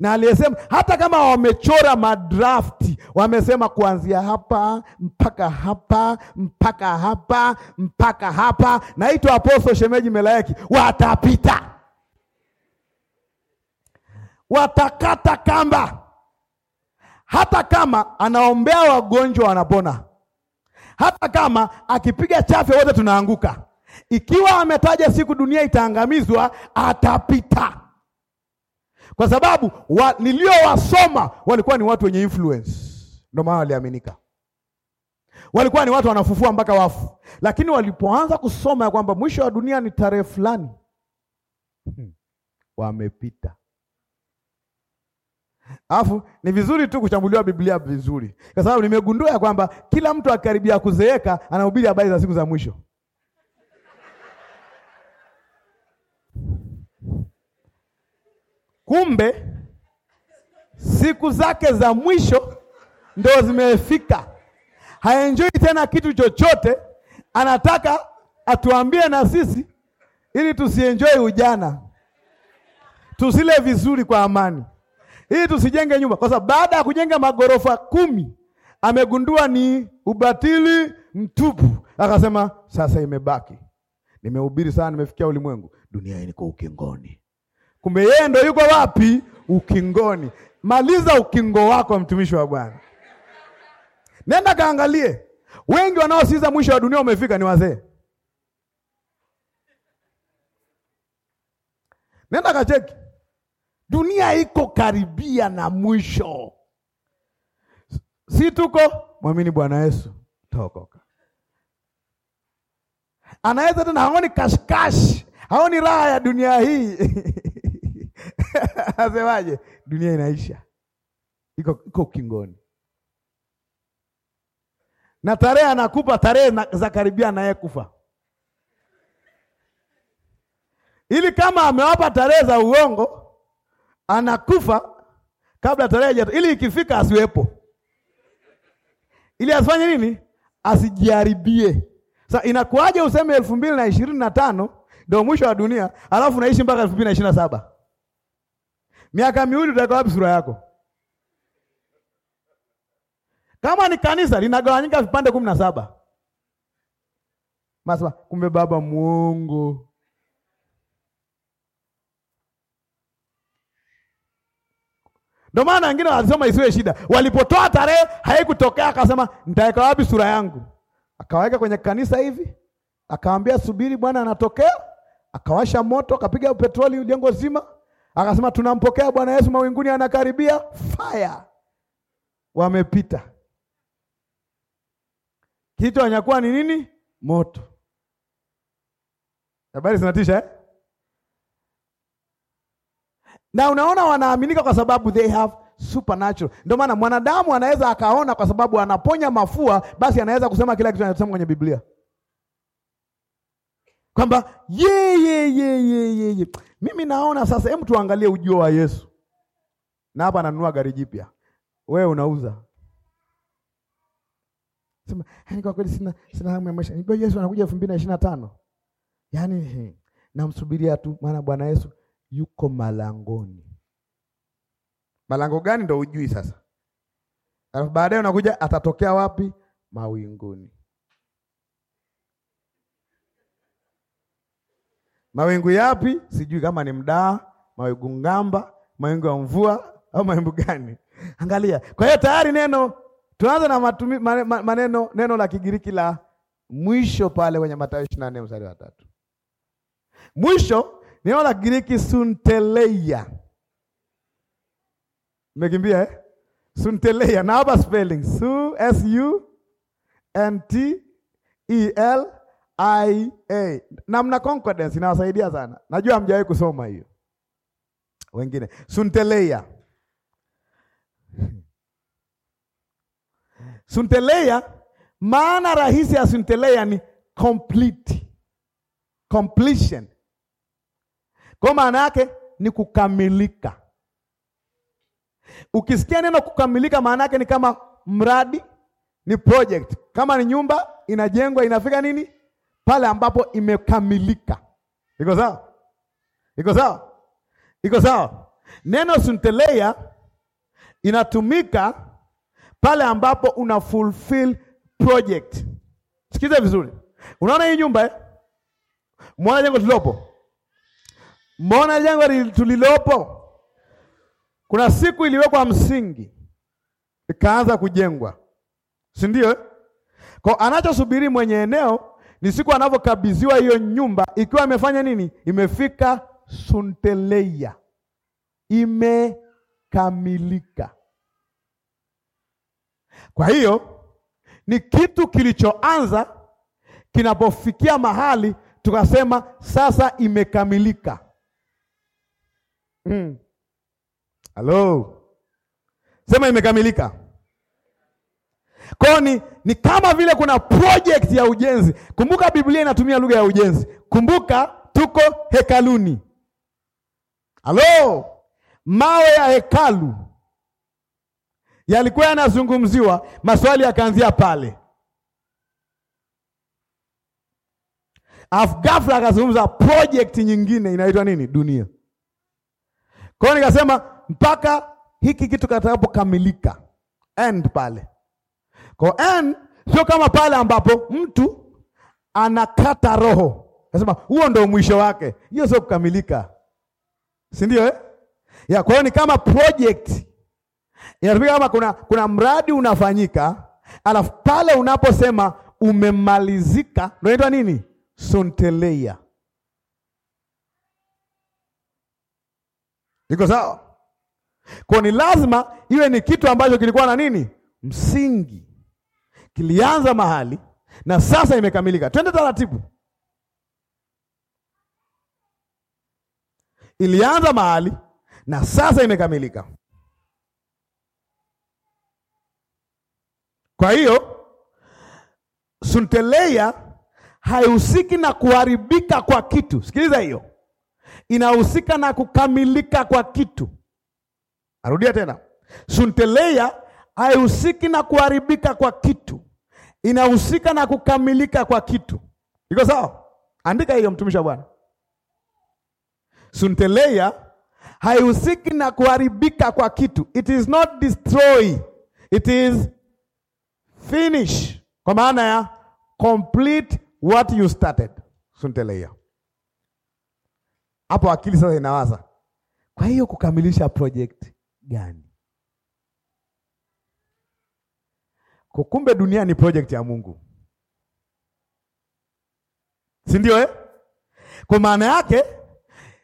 na aliyesema hata kama wamechora madrafti, wamesema kuanzia hapa mpaka hapa mpaka hapa mpaka hapa, naitwa aposto Shemeji Melaeki, watapita, watakata kamba. Hata kama anaombea wagonjwa wanapona, hata kama akipiga chafya wote tunaanguka, ikiwa ametaja siku dunia itaangamizwa, atapita kwa sababu wa, niliowasoma walikuwa ni watu wenye influence, ndio maana waliaminika. Walikuwa ni watu wanafufua mpaka wafu, lakini walipoanza kusoma ya kwamba mwisho wa dunia ni tarehe fulani hmm. Wamepita. Alafu ni vizuri tu kuchambuliwa Biblia vizuri, kwa sababu nimegundua ya kwamba kila mtu akikaribia kuzeeka anahubiri habari za siku za mwisho. Kumbe siku zake za mwisho ndio zimefika, haenjoi tena kitu chochote. Anataka atuambie na sisi ili tusienjoi ujana, tusile vizuri kwa amani, ili tusijenge nyumba, kwa sababu baada ya kujenga magorofa kumi amegundua ni ubatili mtupu. Akasema sasa imebaki, nimehubiri sana, nimefikia ulimwengu, dunia hii niko ukingoni Kumbe yeye ndo yuko wapi? Ukingoni. Maliza ukingo wako, mtumishi wa Bwana. Nenda kaangalie, wengi wanaosikiza mwisho wa dunia umefika ni wazee. Nenda kacheki, dunia iko karibia na mwisho, si tuko? Mwamini Bwana Yesu taokoka. Anaweza tena haoni kashikashi, haoni raha ya dunia hii Asemaje? dunia inaisha, iko iko kingoni na tarehe anakupa tarehe za karibia naye kufa, ili kama amewapa tarehe za uongo, anakufa kabla tarehe, ili ikifika asiwepo, ili asifanye nini? Asijiharibie. Sasa inakuwaje useme elfu mbili na ishirini na tano ndio mwisho wa dunia, alafu naishi mpaka elfu mbili na ishirini na saba miaka miwili utaweka wapi sura yako? Kama ni kanisa linagawanyika vipande kumi na saba, masema kumbe baba mwongo. Ndio maana wengine walisoma isiwe shida, walipotoa tarehe haikutokea, akasema nitaweka wapi sura yangu? Akaweka kwenye kanisa hivi, akawambia subiri, Bwana anatokea, akawasha moto, akapiga petroli jengo zima Akasema tunampokea Bwana Yesu mawinguni, anakaribia. Fire wamepita, kitu anyakuwa ni nini? Moto. Habari zinatisha eh? Na unaona wanaaminika kwa sababu they have supernatural. Ndio maana mwanadamu anaweza akaona, kwa sababu anaponya mafua, basi anaweza kusema kila kitu anachosema kwenye Biblia kwamba yeye yeye yeye. Mimi naona sasa, hebu tuangalie ujio wa Yesu, na hapa ananunua gari jipya, wewe unauza. Sema yani, kwa kweli sina sina hamu ya maisha, nijua Yesu anakuja elfu mbili na na tano yaani namsubiria tu, maana Bwana Yesu yuko malangoni. Malango gani ndo ujui sasa, alafu baadaye unakuja atatokea wapi? Mawinguni. Mawingu yapi? Sijui kama ni mdaa, mawingu ngamba, mawingu ya mvua au mawingu gani? Angalia. Kwa hiyo tayari neno tuanze na matumi, maneno neno la Kigiriki la mwisho pale kwenye Mathayo 24 mstari wa tatu. Mwisho neno la Kigiriki sunteleia. mekimbia eh? Sunteleia. Na hapa spelling su S U N T E L ia na mna concordance inawasaidia sana. Najua hamjawahi kusoma hiyo, wengine sunteleia sunteleia. Maana rahisi ya sunteleia ni complete, completion. Kwa maana yake ni kukamilika. Ukisikia neno kukamilika, maana yake ni kama mradi, ni project. Kama ni nyumba inajengwa, inafika nini pale ambapo imekamilika. Iko sawa? Iko sawa? Iko sawa? Neno sunteleia inatumika pale ambapo una fulfill project. Sikiza vizuri, unaona hii nyumba eh? Mwona jengo tulilopo, mbona jengo tulilopo kuna siku iliwekwa msingi ikaanza kujengwa, si ndio? Eh? Kwa anachosubiri mwenye eneo ni siku anavyokabidhiwa hiyo nyumba ikiwa imefanya nini? Imefika sunteleia, imekamilika. Kwa hiyo ni kitu kilichoanza, kinapofikia mahali tukasema sasa imekamilika. Halo, hmm. mm. Sema imekamilika. Kwa ni, ni kama vile kuna project ya ujenzi. Kumbuka Biblia inatumia lugha ya ujenzi. Kumbuka tuko hekaluni. Halo, mawe ya hekalu yalikuwa yanazungumziwa, maswali yakaanzia pale. Alafu ghafla akazungumza project nyingine inaitwa nini? Dunia. Kwa hiyo nikasema mpaka hiki kitu katakapokamilika end pale kwa and sio kama pale ambapo mtu anakata roho, nasema huo ndio mwisho wake. Hiyo sio kukamilika, si ndio eh? Ya, kwa hiyo ni kama project inatumika kama kuna, kuna mradi unafanyika, alafu pale unaposema umemalizika ndio inaitwa nini? Sonteleia. Iko sawa? Kwa ni lazima iwe ni kitu ambacho kilikuwa na nini msingi kilianza mahali na sasa imekamilika. Twende taratibu. Ilianza mahali na sasa imekamilika. Kwa hiyo sunteleia haihusiki na kuharibika kwa kitu. Sikiliza hiyo, inahusika na kukamilika kwa kitu. Arudia tena, sunteleia haihusiki na kuharibika kwa kitu, inahusika na kukamilika kwa kitu. Iko sawa? Andika hiyo, mtumishi wa Bwana. Sunteleia haihusiki na kuharibika kwa kitu, it is not destroy, it is finish, kwa maana ya complete what you started. Sunteleia hapo, akili sasa inawaza, kwa hiyo kukamilisha project gani? kukumbe dunia ni project ya Mungu, si ndio eh? Kwa maana yake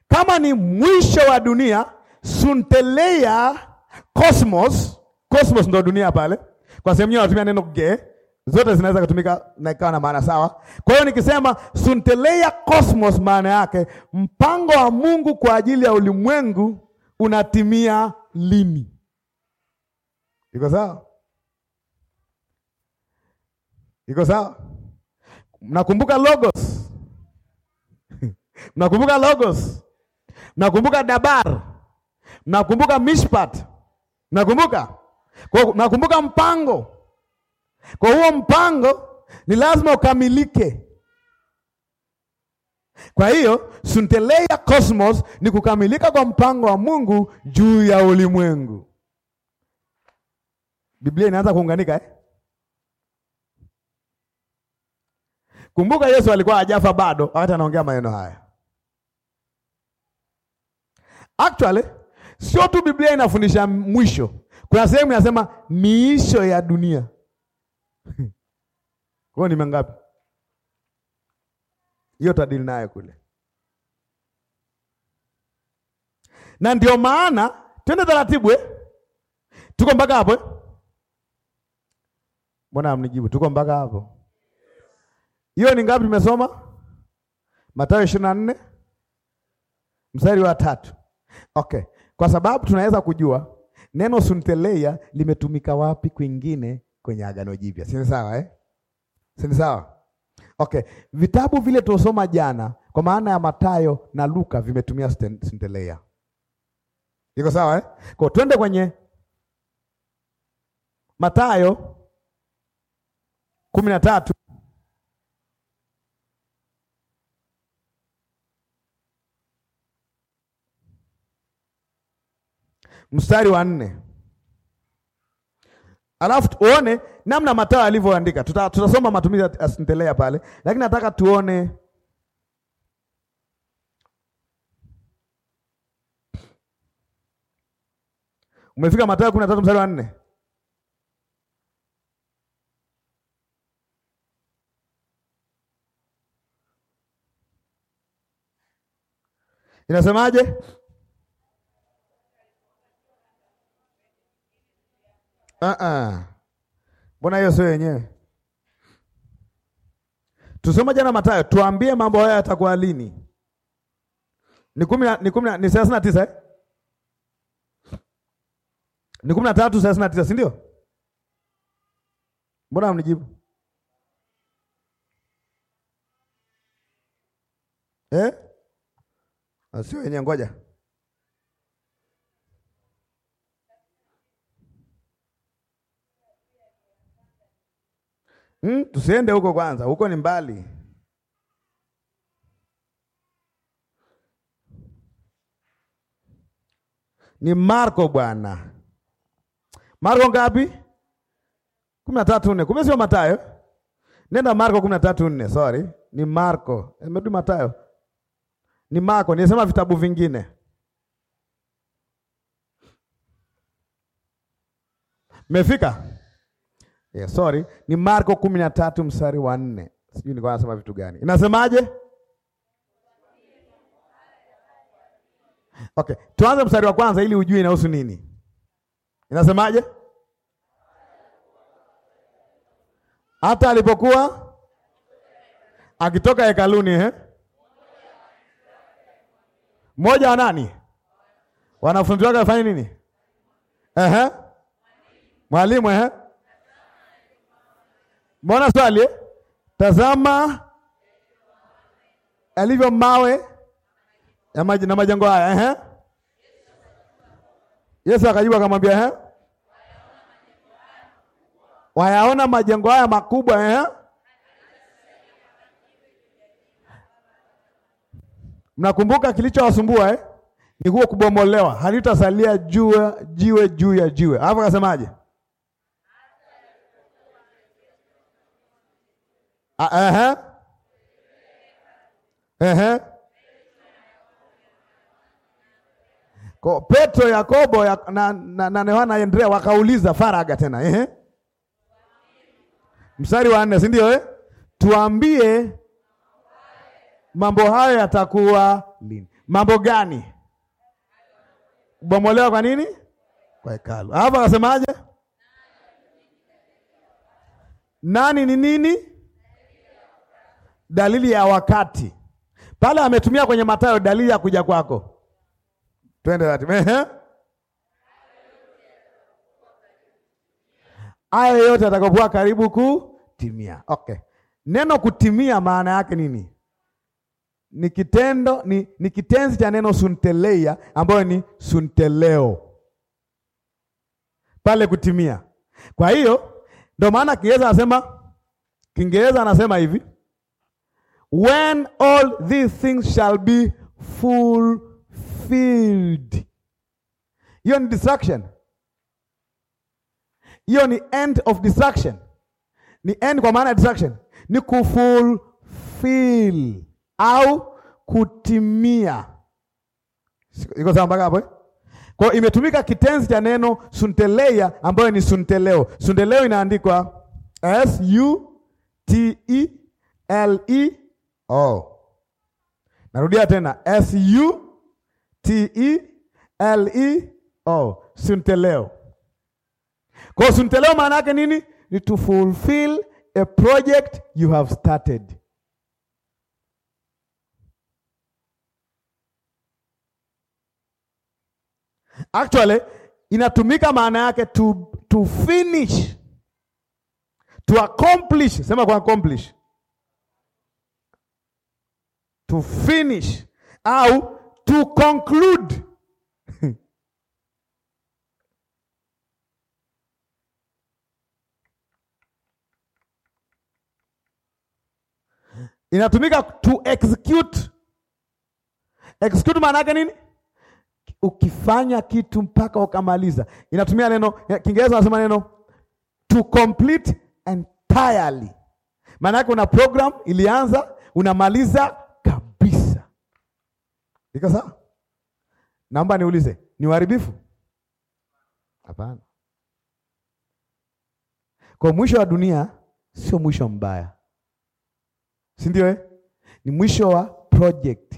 kama ni mwisho wa dunia, sunteleia cosmos, cosmos ndo dunia pale. Kwa sehemu nyingine natumia neno ge, zote zinaweza kutumika na ikawa na maana sawa. Kwa hiyo nikisema sunteleia cosmos, maana yake mpango wa Mungu kwa ajili ya ulimwengu unatimia lini? Iko sawa? Iko sawa? Mnakumbuka logos? Mnakumbuka logos? Mnakumbuka dabar? Mnakumbuka mishpat? Mnakumbuka? Kwa mnakumbuka mpango. Kwa huo mpango ni lazima ukamilike. Kwa hiyo suntelea cosmos ni kukamilika kwa mpango wa Mungu juu ya ulimwengu. Biblia inaanza kuunganika eh? Kumbuka Yesu alikuwa hajafa bado wakati anaongea maneno haya. Actually, sio tu Biblia inafundisha mwisho, kuna sehemu inasema miisho ya dunia Kwao ni mangapi? Hiyo tadili naye kule, na ndio maana twende taratibu eh? Tuko mpaka hapo eh? Mbona amnijibu? Tuko mpaka hapo hiyo ni ngapi tumesoma? Mathayo ishirini na nne mstari wa tatu. Okay, kwa sababu tunaweza kujua neno suntelea limetumika wapi kwingine kwenye Agano Jipya, si sawa eh? Si sawa? Okay, vitabu vile tulisoma jana kwa maana ya Mathayo na Luka vimetumia suntelea Iko sawa eh? Kwa twende kwenye Mathayo kumi na tatu mstari wa nne alafu uone namna Mathayo alivyoandika. Tuta, tutasoma matumizi asintelea pale, lakini nataka tuone Umefika Mathayo kumi na tatu mstari wa nne. Inasemaje? Ah, ah. Mbona hiyo sio yenyewe? Tusoma jana Mathayo, tuambie mambo haya yatakuwa lini? Ni kumi ni kumi ni thelathini na tisa eh? Ni kumi na tatu thelathini na tisa si ndio? Mbona mnijibu eh? Ah, sio wenyewe, ngoja Hmm, tusiende huko kwanza, huko ni mbali. Ni Marko bwana. Marko ngapi? kumi na tatu nne. Kumbe sio Mathayo. Nenda Marko kumi na tatu nne. Sorry, ni Marko. Nimerudi Mathayo. Ni Marko. Nisema vitabu vingine. Mefika? yeah, sorry, ni Marko kumi na tatu mstari wa nne. Sijui nilikuwa nasema vitu gani, inasemaje? Okay, tuanze mstari wa kwanza ili ujue inahusu nini. Inasemaje? hata alipokuwa akitoka hekaluni, eh? Mmoja wa nani wanafunzi wake afanye nini? Ehe, mwalimu ehe Mbona swali eh? Tazama alivyo mawe ya maji na majengo haya eh? Yesu akajibu akamwambia eh? Wayaona majengo haya makubwa eh? Mnakumbuka kilichowasumbua eh? Ni huo kubomolewa, halitasalia jua jiwe juu ya jiwe. Hapo akasemaje? Aha. Aha. Kwa Petro, Yakobo ya, na, na, na Yohana Andrea wakauliza faraga tena eh? Mstari wa nne, si ndio eh? Tuambie mambo hayo yatakuwa lini? Mambo gani? Bomolewa kwa nini? Kwa hekalu. Hapa akasemaje? Nani ni nini? dalili ya wakati pale ametumia kwenye Mathayo dalili ya kuja kwako. Twende aya yote atakapokuwa karibu kutimia. Okay, neno kutimia maana yake nini? Ni kitendo, ni, ni kitenzi cha neno sunteleia ambayo ni sunteleo pale kutimia. Kwa hiyo ndio maana Kiingereza anasema Kiingereza anasema hivi When all these things shall be fulfilled. Hiyo ni destruction. Hiyo ni end of destruction. Ni end kwa maana ya destruction. Ni kufulfill au kutimia. Iko sawa mpaka hapo? Eh? Kwa imetumika kitenzi cha neno sunteleia ambayo ni sunteleo. Sunteleo inaandikwa S U T E L E O. Oh. Narudia tena S U T E L E O. Sunteleo. Kwa sunteleo maana yake nini? Ni to fulfill a project you have started. Actually inatumika maana yake to, to finish to accomplish, sema kwa accomplish to finish au to conclude inatumika to execute. Execute maana yake nini? Ukifanya kitu mpaka ukamaliza. Inatumia neno Kiingereza, wanasema neno to complete entirely. Maana yake una program ilianza, unamaliza Iko sawa? Naomba niulize, ni uharibifu? Hapana. Kwa mwisho wa dunia sio mwisho mbaya, si ndio eh? Ni mwisho wa project,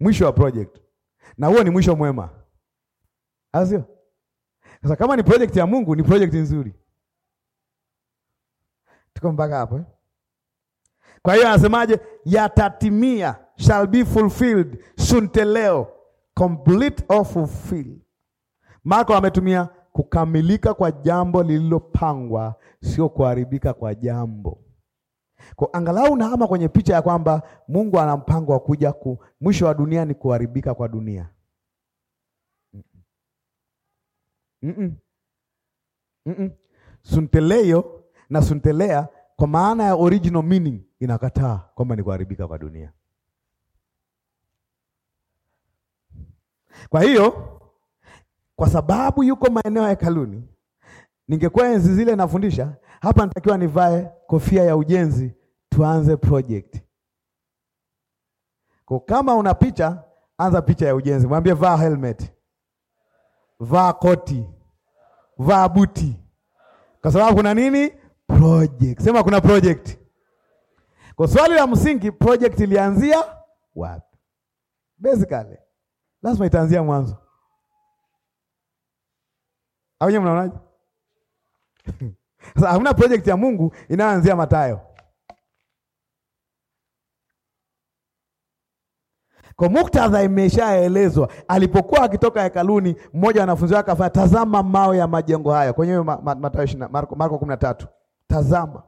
mwisho wa project, na huo ni mwisho mwema, asio? Sasa kama ni project ya Mungu, ni project nzuri. Tuko mpaka hapo eh? Kwa hiyo anasemaje? Yatatimia, shall be fulfilled, sunteleo, complete or fulfilled. Marko ametumia kukamilika kwa jambo lililopangwa, sio kuharibika kwa jambo. Kwa angalau unahama kwenye picha ya kwamba Mungu ana mpango wa kuja ku, mwisho wa dunia ni kuharibika kwa dunia. mm -mm. Mm -mm. Mm -mm. Sunteleo na suntelea kwa maana ya original meaning inakataa kwamba ni kuharibika kwa dunia. Kwa hiyo kwa sababu yuko maeneo ya hekaluni, ningekuwa enzi zile nafundisha hapa, nitakiwa nivae kofia ya ujenzi, tuanze project. Kwa kama una picha, anza picha ya ujenzi, mwambie vaa helmet, vaa koti, vaa buti, kwa sababu kuna nini? project. Sema kuna project. Kwa swali la msingi, project ilianzia wapi? Basically lazima itaanzia mwanzo, au nyewe mnaonaje? Sasa hamna project ya Mungu inaanzia Mathayo. Kwa muktadha imeshaelezwa, alipokuwa akitoka hekaluni, mmoja wanafunzi wake akafanya, tazama mawe ya majengo haya, kwenye Mathayo Marko Marko tazama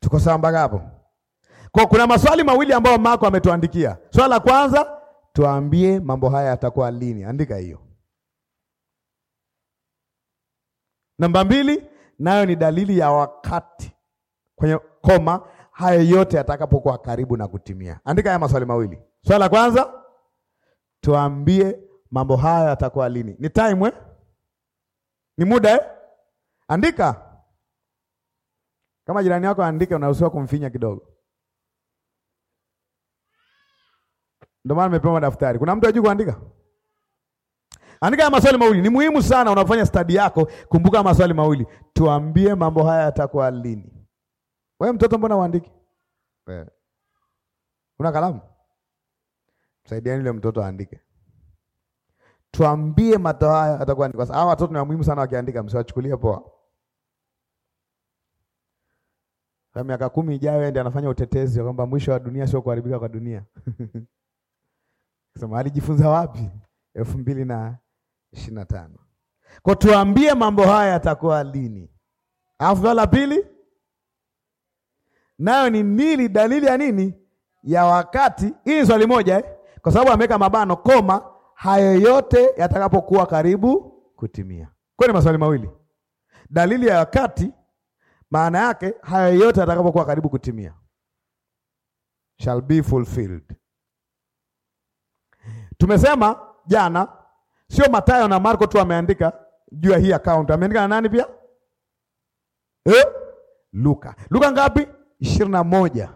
Tuko sawa hapo? Kwa kuna maswali mawili ambayo Marko ametuandikia. Swali la kwanza, tuambie mambo haya yatakuwa lini? Andika hiyo. Namba mbili, nayo ni dalili ya wakati kwenye koma, haya yote yatakapokuwa karibu na kutimia. Andika haya maswali mawili. Swali la kwanza, tuambie Mambo haya yatakuwa lini? Ni time eh? Ni muda eh? Andika. Kama jirani yako andika, unaruhusiwa kumfinya kidogo. Ndio maana nimepewa daftari. Kuna mtu ajui kuandika? Andika ya maswali mawili. Ni muhimu sana unafanya stadi yako, kumbuka maswali mawili. Tuambie mambo haya yatakuwa lini? Wewe mtoto mbona uandike? Eh. Una kalamu? Msaidiani yule mtoto aandike tuambie madhao haya atakuwa ni kwa sababu watoto ni muhimu sana, wakiandika msiwachukulie poa. Kwa miaka kumi ijayo ndiye anafanya utetezi kwamba mwisho wa dunia sio kuharibika kwa dunia. Sema alijifunza wapi? elfu mbili na ishirini na tano. Kwa tuambie mambo haya yatakuwa lini? Alafu la pili nayo ni nili, dalili ya nini? Ya wakati. Hii ni swali moja eh? Kwa sababu ameweka mabano koma hayo yote yatakapokuwa karibu kutimia. ni maswali mawili, dalili ya wakati, maana yake hayo yote yatakapokuwa karibu kutimia, shall be fulfilled. Tumesema jana, sio Mathayo na Marko tu ameandika juu ya hii account, ameandika na nani pia eh? Luka. Luka ngapi? ishirini na moja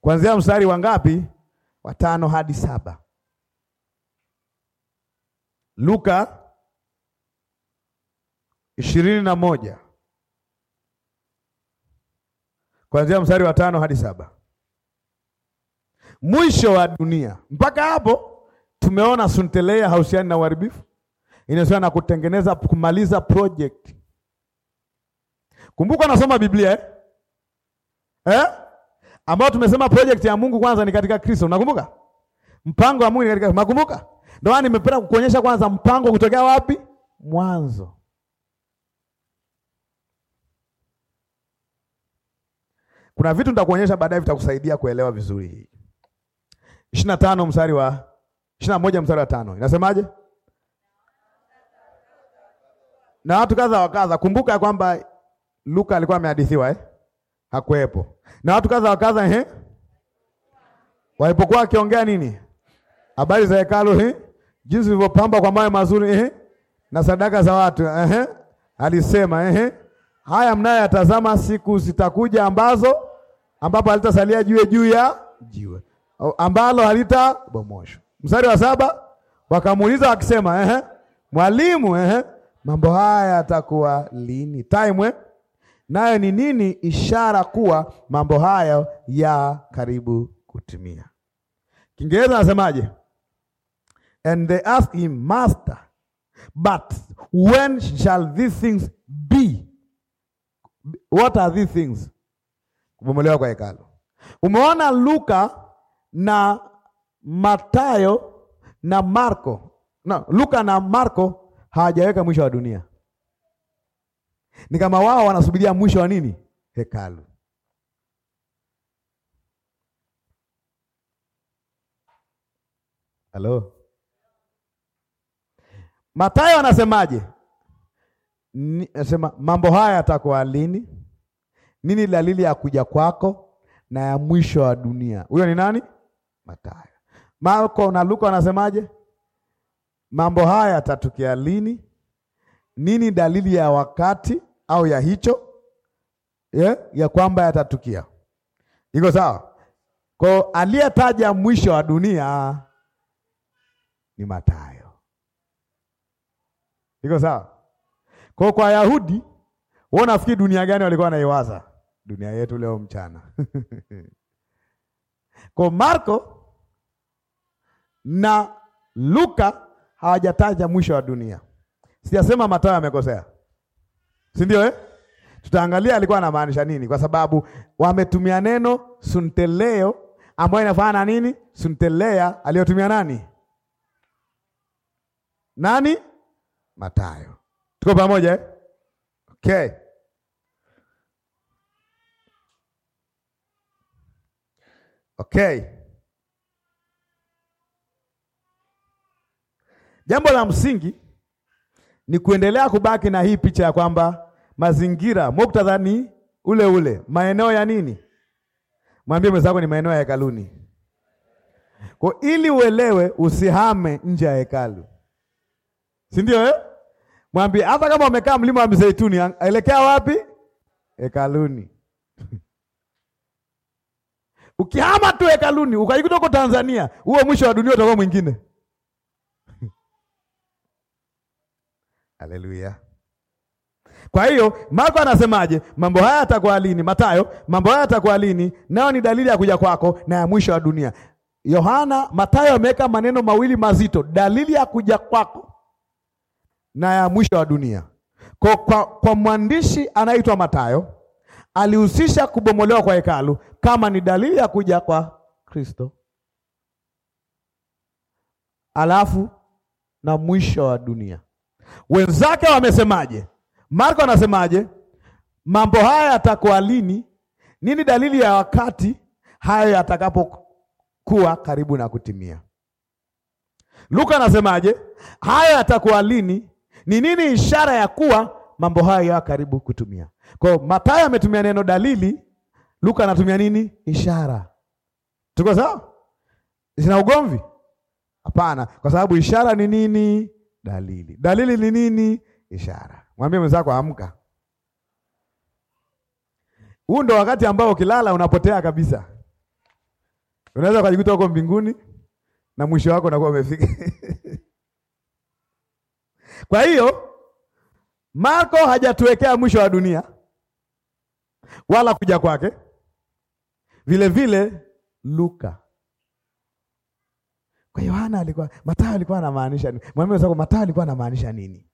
kuanzia mstari wa ngapi? Watano hadi saba. Luka ishirini na moja kuanzia mstari wa tano hadi saba mwisho wa dunia. Mpaka hapo tumeona suntelea hausiani na uharibifu, inahusiana na kutengeneza, kumaliza project. Kumbuka nasoma Biblia eh? Eh? Ambao tumesema project ya Mungu kwanza ni katika Kristo. Unakumbuka mpango wa Mungu ni katika, unakumbuka ndio maana nimependa kukuonyesha kwanza mpango kutokea wapi? Mwanzo. Kuna vitu nitakuonyesha baadaye vitakusaidia kuelewa vizuri hii. 25 mstari wa moja mstari wa tano inasemaje? Na watu kadha wa kadha, kumbuka ya kwamba Luka alikuwa amehadithiwa eh? Hakuwepo. Na watu kadha wa kadha eh? Walipokuwa wakiongea nini? habari za hekalu hii, eh? jinsi vilivyopambwa kwa mawe mazuri eh, na sadaka za watu eh, Alisema eh, haya mnayoyatazama, siku zitakuja ambazo ambapo halitasalia jiwe juu ya jiwe ambalo bomosho. Mstari wa saba, wakamuuliza wakisema, eh, Mwalimu, eh, mambo haya yatakuwa lini? Time eh? nayo ni nini? Ishara kuwa mambo hayo ya karibu kutimia. Kiingereza nasemaje? And they ask him, Master, but when shall these things be? What are these things? Kubomolewa kwa hekalu. Umeona Luka na Matayo na Marko na Luka na Marko hawajaweka mwisho wa dunia, ni kama wao wanasubiria mwisho wa nini? Hekalu. Halo Mathayo anasemaje? Anasema mambo haya yatakuwa lini? Nini dalili ya kuja kwako na ya mwisho wa dunia? Huyo ni nani? Mathayo. Marko na Luka wanasemaje? Mambo haya yatatukia lini? Nini dalili ya wakati au ya hicho yeah, ya kwamba yatatukia? Iko sawa? Kwa aliyetaja mwisho wa dunia ni Mathayo. Iko sawa? Kwa kwa Wayahudi wao, nafikiri dunia gani walikuwa wanaiwaza? Dunia yetu leo mchana. Kwa Marko na Luka hawajataja mwisho wa dunia. Sijasema Mathayo amekosea, si ndio eh? Tutaangalia alikuwa anamaanisha nini, kwa sababu wametumia neno sunteleo ambayo inafanana na nini? Suntelea aliyotumia nani? Nani? Mathayo. Tuko pamoja eh? Okay. Okay. Jambo la msingi ni kuendelea kubaki na hii picha ya kwamba mazingira muktadha ni ule ule. Maeneo ya nini? Mwambie mwenzako ni maeneo ya hekaluni. Kwa ili uelewe usihame nje ya hekalu si ndio eh? Mwambie hata kama umekaa mlima wa Mzeituni, elekea wapi? Hekaluni. Ukihama tu hekaluni ukajikuta uko Tanzania, huo mwisho wa dunia utakuwa mwingine. Haleluya. Kwa hiyo Marko anasemaje? Mambo haya yatakuwa lini? Matayo, mambo haya yatakuwa lini? Nayo ni dalili ya kuja kwako na ya mwisho wa dunia. Yohana, Matayo ameweka maneno mawili mazito, dalili ya kuja kwako na ya mwisho wa dunia. Kwa, kwa, kwa mwandishi anaitwa Matayo alihusisha kubomolewa kwa hekalu kama ni dalili ya kuja kwa Kristo, alafu na mwisho wa dunia. Wenzake wamesemaje? Marko anasemaje? Mambo haya yatakuwa lini? Nini dalili ya wakati hayo yatakapokuwa karibu na kutimia? Luka anasemaje? Haya yatakuwa lini? Ni nini ishara ya kuwa mambo hayo ya karibu kutumia? Kwa hiyo Mathayo ametumia neno dalili, Luka anatumia nini? Ishara. Tuko sawa? Zina ugomvi? Hapana, kwa sababu ishara ni nini? Dalili. Dalili ni nini? Ishara. Mwambie mwenzako amka. Huu ndo wakati ambao ukilala unapotea kabisa. Unaweza ukajikuta huko mbinguni na mwisho wako unakuwa umefika. Kwa hiyo Marko hajatuwekea mwisho wa dunia wala kuja kwake. Vile vile Luka. Kwa Yohana alikuwa, Mathayo alikuwa anamaanisha nini? Mwambie wenzako Mathayo alikuwa anamaanisha nini?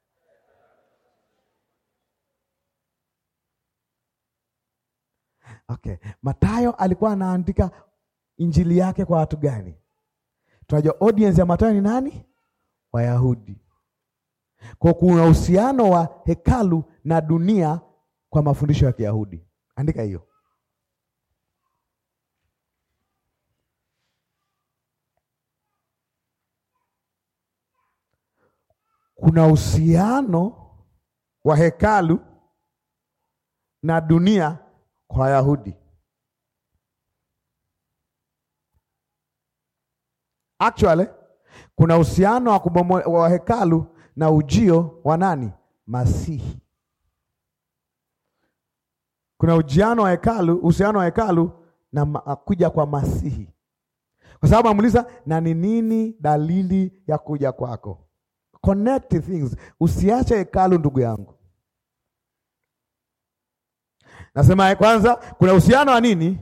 Okay, Mathayo alikuwa anaandika injili yake kwa watu gani? Tunajua audience ya Mathayo ni nani? Wayahudi. Kwa kuna uhusiano wa hekalu na dunia kwa mafundisho ya Kiyahudi. Andika hiyo. Kuna uhusiano wa hekalu na dunia kwa Wayahudi. Actually, kuna uhusiano wa hekalu na ujio wa nani? Masihi. Kuna ujiano wa hekalu, uhusiano wa hekalu na kuja kwa Masihi, kwa sababu amuuliza, na ni nini dalili ya kuja kwako? Connect things, usiache hekalu, ndugu yangu. Nasema kwanza, kuna uhusiano wa nini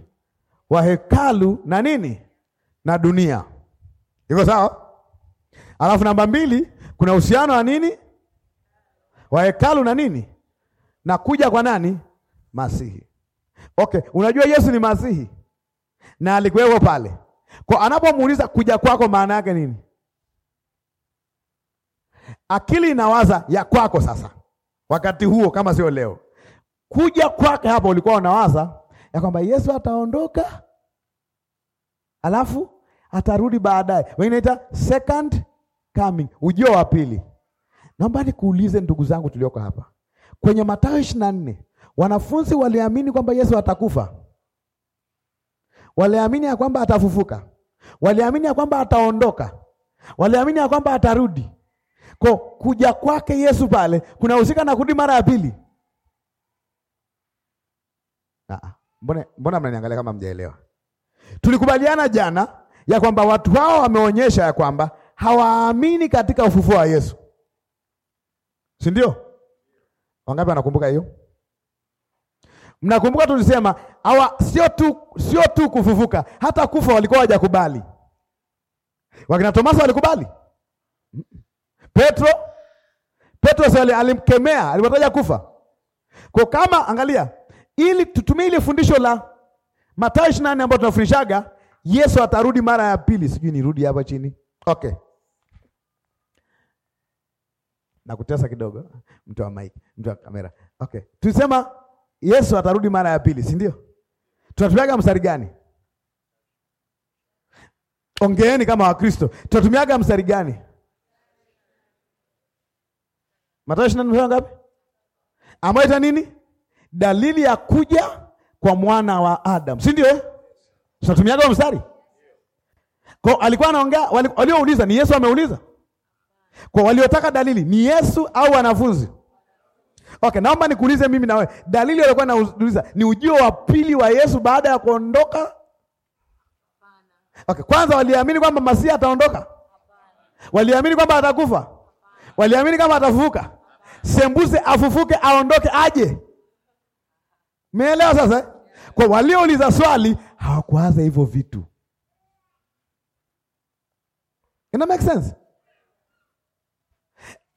wa hekalu na nini na dunia, iko sawa? Alafu namba mbili kuna uhusiano wa nini wa hekalu na nini na kuja kwa nani? Masihi. Okay, unajua Yesu ni Masihi na alikuwepo pale. Kwa anapomuuliza kuja kwako maana yake nini? Akili inawaza ya kwako sasa. Wakati huo kama sio leo. Kuja kwake hapo ulikuwa unawaza ya kwamba Yesu ataondoka alafu atarudi baadaye. Wengine inaita second coming, ujio wa pili. Naomba nikuulize ndugu zangu tulioko hapa, kwenye Mathayo ishirini na nne wanafunzi waliamini kwamba Yesu atakufa, waliamini ya kwamba atafufuka, waliamini ya kwamba ataondoka, waliamini ya kwamba atarudi. Kwa kuja kwake Yesu pale kunahusika na kurudi mara ya pili. Ah, mbona mbona mnaniangalia kama mjaelewa? Tulikubaliana jana ya kwamba watu hao wameonyesha ya kwamba hawaamini katika ufufuo wa Yesu, si ndio? Wangapi wanakumbuka hiyo? Mnakumbuka tulisema hawa sio tu, sio tu kufufuka, hata kufa walikuwa hawajakubali. Wakina Tomaso walikubali. Petro Petro alimkemea alimtaja kufa. Kwa kama angalia, ili tutumie ile fundisho la Mathayo 28 ambayo tunafundishaga Yesu atarudi mara ya pili. Sijui nirudi hapa chini. Okay na kutesa kidogo, mtu wa mic, mtu wa kamera. Okay, tulisema Yesu atarudi mara ya pili, si ndio? Tunatumiaga mstari gani? Ongeeni kama Wakristo, tunatumiaga mstari gani? Mathayo ishirini na nne ngapi? Ambayo nini? Dalili ya kuja kwa mwana wa adam si ndio? Eh? Tunatumiaga mstari kwa, alikuwa anaongea waliouliza, ni Yesu ameuliza kwa waliotaka dalili ni Yesu au wanafunzi? Okay, naomba nikuulize mimi na wewe, dalili waliokuwa nauliza ni ujio wa pili wa Yesu baada ya kuondoka? Okay, kwanza waliamini kwamba Masihi ataondoka? Waliamini kwamba atakufa? Waliamini kama atafufuka? Sembuse afufuke, aondoke, aje. Meelewa sasa? Eh? Kwa waliouliza swali hawakuanza hivyo vitu. Ina make sense?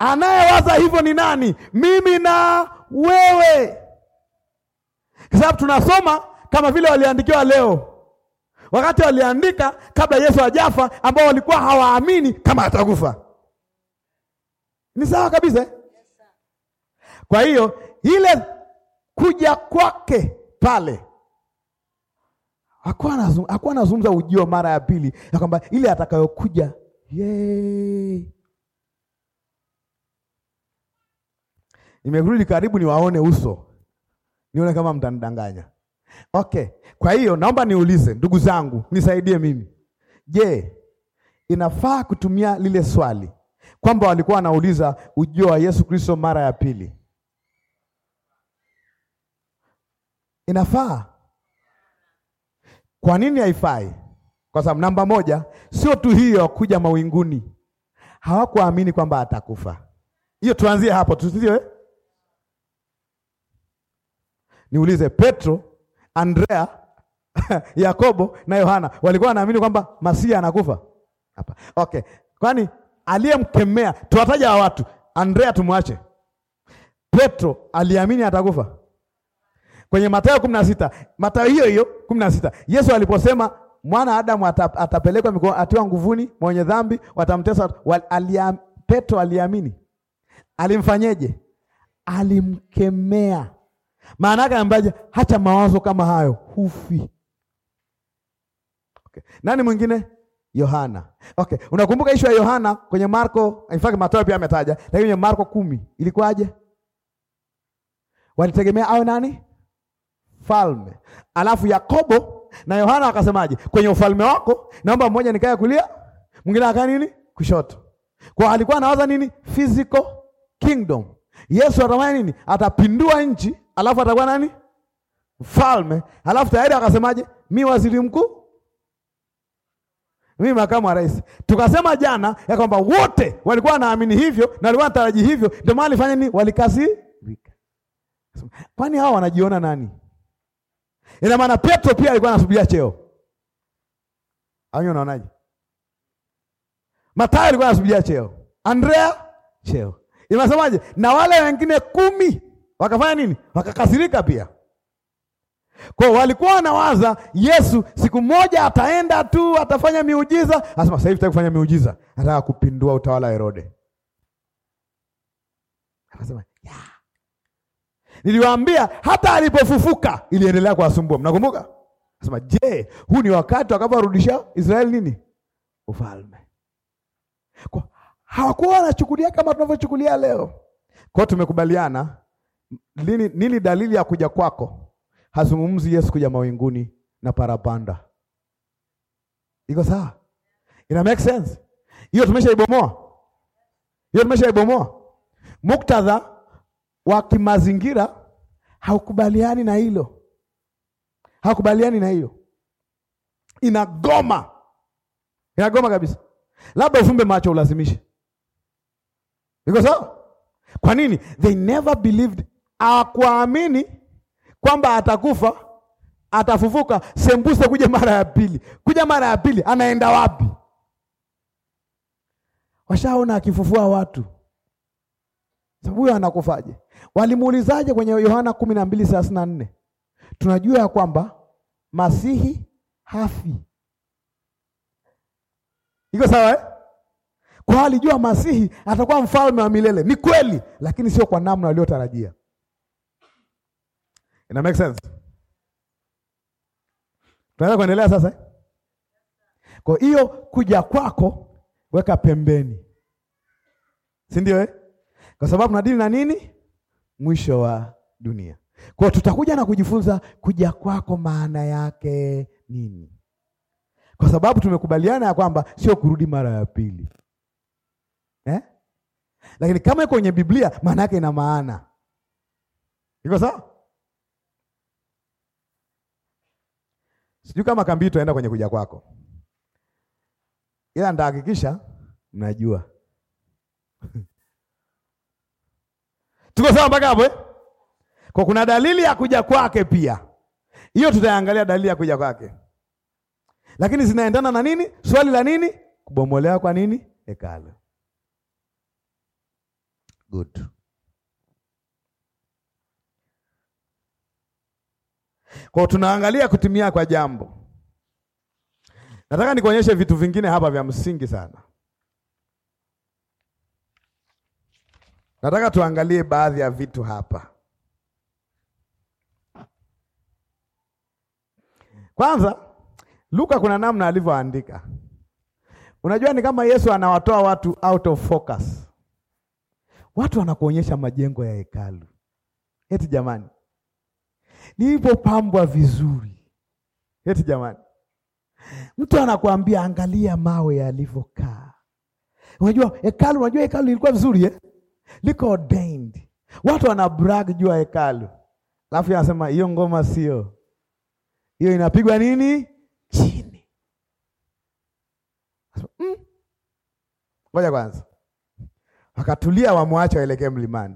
Anayewaza hivyo ni nani? Mimi na wewe, kwa sababu tunasoma kama vile waliandikiwa leo, wakati waliandika kabla Yesu hajafa, ambao walikuwa hawaamini kama atakufa. Ni sawa kabisa. Kwa hiyo ile kuja kwake pale hakuwa anazungumza ujio mara ya pili, ya kwamba ile atakayokuja yeye Nimerudi karibu niwaone uso, nione kama mtanidanganya. Okay, kwa hiyo naomba niulize, ndugu zangu, nisaidie mimi. Je, inafaa kutumia lile swali kwamba walikuwa wanauliza ujio wa Yesu Kristo mara ya pili? Inafaa? Kwa nini haifai? Kwa sababu namba moja, sio tu hiyo kuja mawinguni, hawakuamini kwamba atakufa. Hiyo tuanzie hapo, tusio eh? Niulize, Petro, Andrea, Yakobo na Yohana walikuwa wanaamini kwamba Masia anakufa hapa? Okay, kwani aliyemkemea, tuwataja wa watu, Andrea tumwache. Petro aliamini atakufa kwenye Mathayo kumi na sita Mathayo hiyo hiyo kumi na sita Yesu aliposema mwana Adamu atapelekwa mikono, atiwa nguvuni, mwenye dhambi watamtesa. Petro aliamini, alimfanyeje? Alimkemea. Maana yake anambaje? Hata mawazo kama hayo hufi. Okay. Nani mwingine? Yohana. Okay, unakumbuka ishu ya Yohana kwenye Marko, in fact Mathayo pia ametaja, lakini kwenye Marko kumi ilikuwaje? Walitegemea awe nani? Falme. Alafu Yakobo na Yohana wakasemaje? Kwenye ufalme wako naomba mmoja nikae kulia, mwingine akae nini? Kushoto. Kwa alikuwa anawaza nini? Physical kingdom. Yesu atamani nini? Atapindua nchi alafu atakuwa nani? Mfalme. Alafu tayari akasemaje? Mi waziri mkuu, mi makamu wa rais. Tukasema jana ya kwamba wote walikuwa wanaamini hivyo na walikuwa wanataraji hivyo, ndio maana alifanya nini? Walikasirika. Kwani hao wanajiona nani? Ina maana Petro pia alikuwa anasubiria cheo. Anyo, unaonaje? Mathayo alikuwa anasubiria cheo, Andrea cheo. Inasemaje? Na wale wengine kumi Wakafanya nini? Wakakasirika pia. Kwa walikuwa wanawaza Yesu siku moja ataenda tu atafanya miujiza, asema sasa hivi sitaki kufanya miujiza, nataka kupindua utawala wa Herode. Anasema ya. Niliwaambia hata alipofufuka iliendelea kuwasumbua. Mnakumbuka? Anasema je, huu ni wakati wakaporudisha Israeli nini? Ufalme. Kwa hawakuwa wanachukulia kama tunavyochukulia leo. Kwa tumekubaliana nini, nini dalili ya kuja kwako? Hazungumzi Yesu kuja mawinguni na parapanda. Iko sawa? Ina make sense? Hiyo tumeshaibomoa, hiyo tumeshaibomoa. Muktadha wa kimazingira haukubaliani na hilo, haukubaliani na hiyo, inagoma, inagoma kabisa. Labda ufumbe macho ulazimishe. Iko sawa? Kwa nini? They never believed hawakuamini kwamba atakufa, atafufuka, sembuse kuja mara ya pili. Kuja mara ya pili, anaenda wapi? Washaona akifufua watu, sababu huyo anakufaje? Walimuulizaje kwenye Yohana kumi na mbili thelathini na nne tunajua ya kwamba masihi hafi. Iko sawa eh? Kwa alijua masihi atakuwa mfalme wa milele, ni kweli, lakini sio kwa namna waliotarajia. Ina make sense? Tunaweza kuendelea sasa. Eh? Kwa hiyo kuja kwako weka pembeni, si ndio eh? Kwa sababu dini na nini? Mwisho wa dunia. Kwa tutakuja na kujifunza kuja kwako maana yake nini, kwa sababu tumekubaliana ya kwamba sio kurudi mara ya pili eh? Lakini kama iko kwenye Biblia maana yake ina maana, iko sawa Sijui kama kambi itaenda kwenye kuja kwako, ila nitahakikisha najua Tuko sawa mpaka hapo eh? Kwa kuna dalili ya kuja kwake pia, hiyo tutaangalia dalili ya kuja kwake, lakini zinaendana na nini? Swali la nini? Kubomolewa kwa nini hekalu? Good. Kwa tunaangalia kutimia kwa jambo. Nataka nikuonyeshe vitu vingine hapa vya msingi sana. Nataka tuangalie baadhi ya vitu hapa. Kwanza, Luka kuna namna alivyoandika. Unajua ni kama Yesu anawatoa watu out of focus. Watu wanakuonyesha majengo ya hekalu. Eti jamani, nilipopambwa vizuri. Eti jamani, mtu anakuambia angalia mawe yalivyokaa. Unajua hekalu, unajua hekalu lilikuwa vizuri eh? Liko ordained. Watu wana brag juu ya hekalu, alafu anasema hiyo ngoma sio hiyo, inapigwa nini chini. Mm. Ngoja mm, kwanza wakatulia, wamwache waelekee mlimani.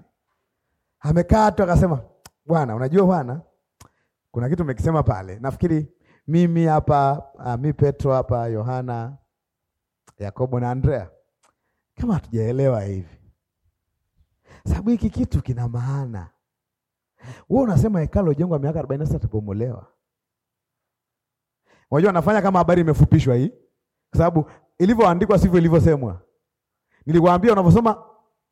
Amekaa tu akasema, Bwana, unajua Bwana kuna kitu mmekisema pale, nafikiri mimi hapa uh, mi Petro hapa, Yohana, Yakobo na Andrea, kama hatujaelewa hivi, sababu hiki kitu kina maana. Wewe unasema hekalo jengwa miaka 40 sasa tabomolewa. Unajua nafanya kama habari imefupishwa hii, kwa sababu ilivyoandikwa sivyo ilivyosemwa. Nilikwambia unavyosoma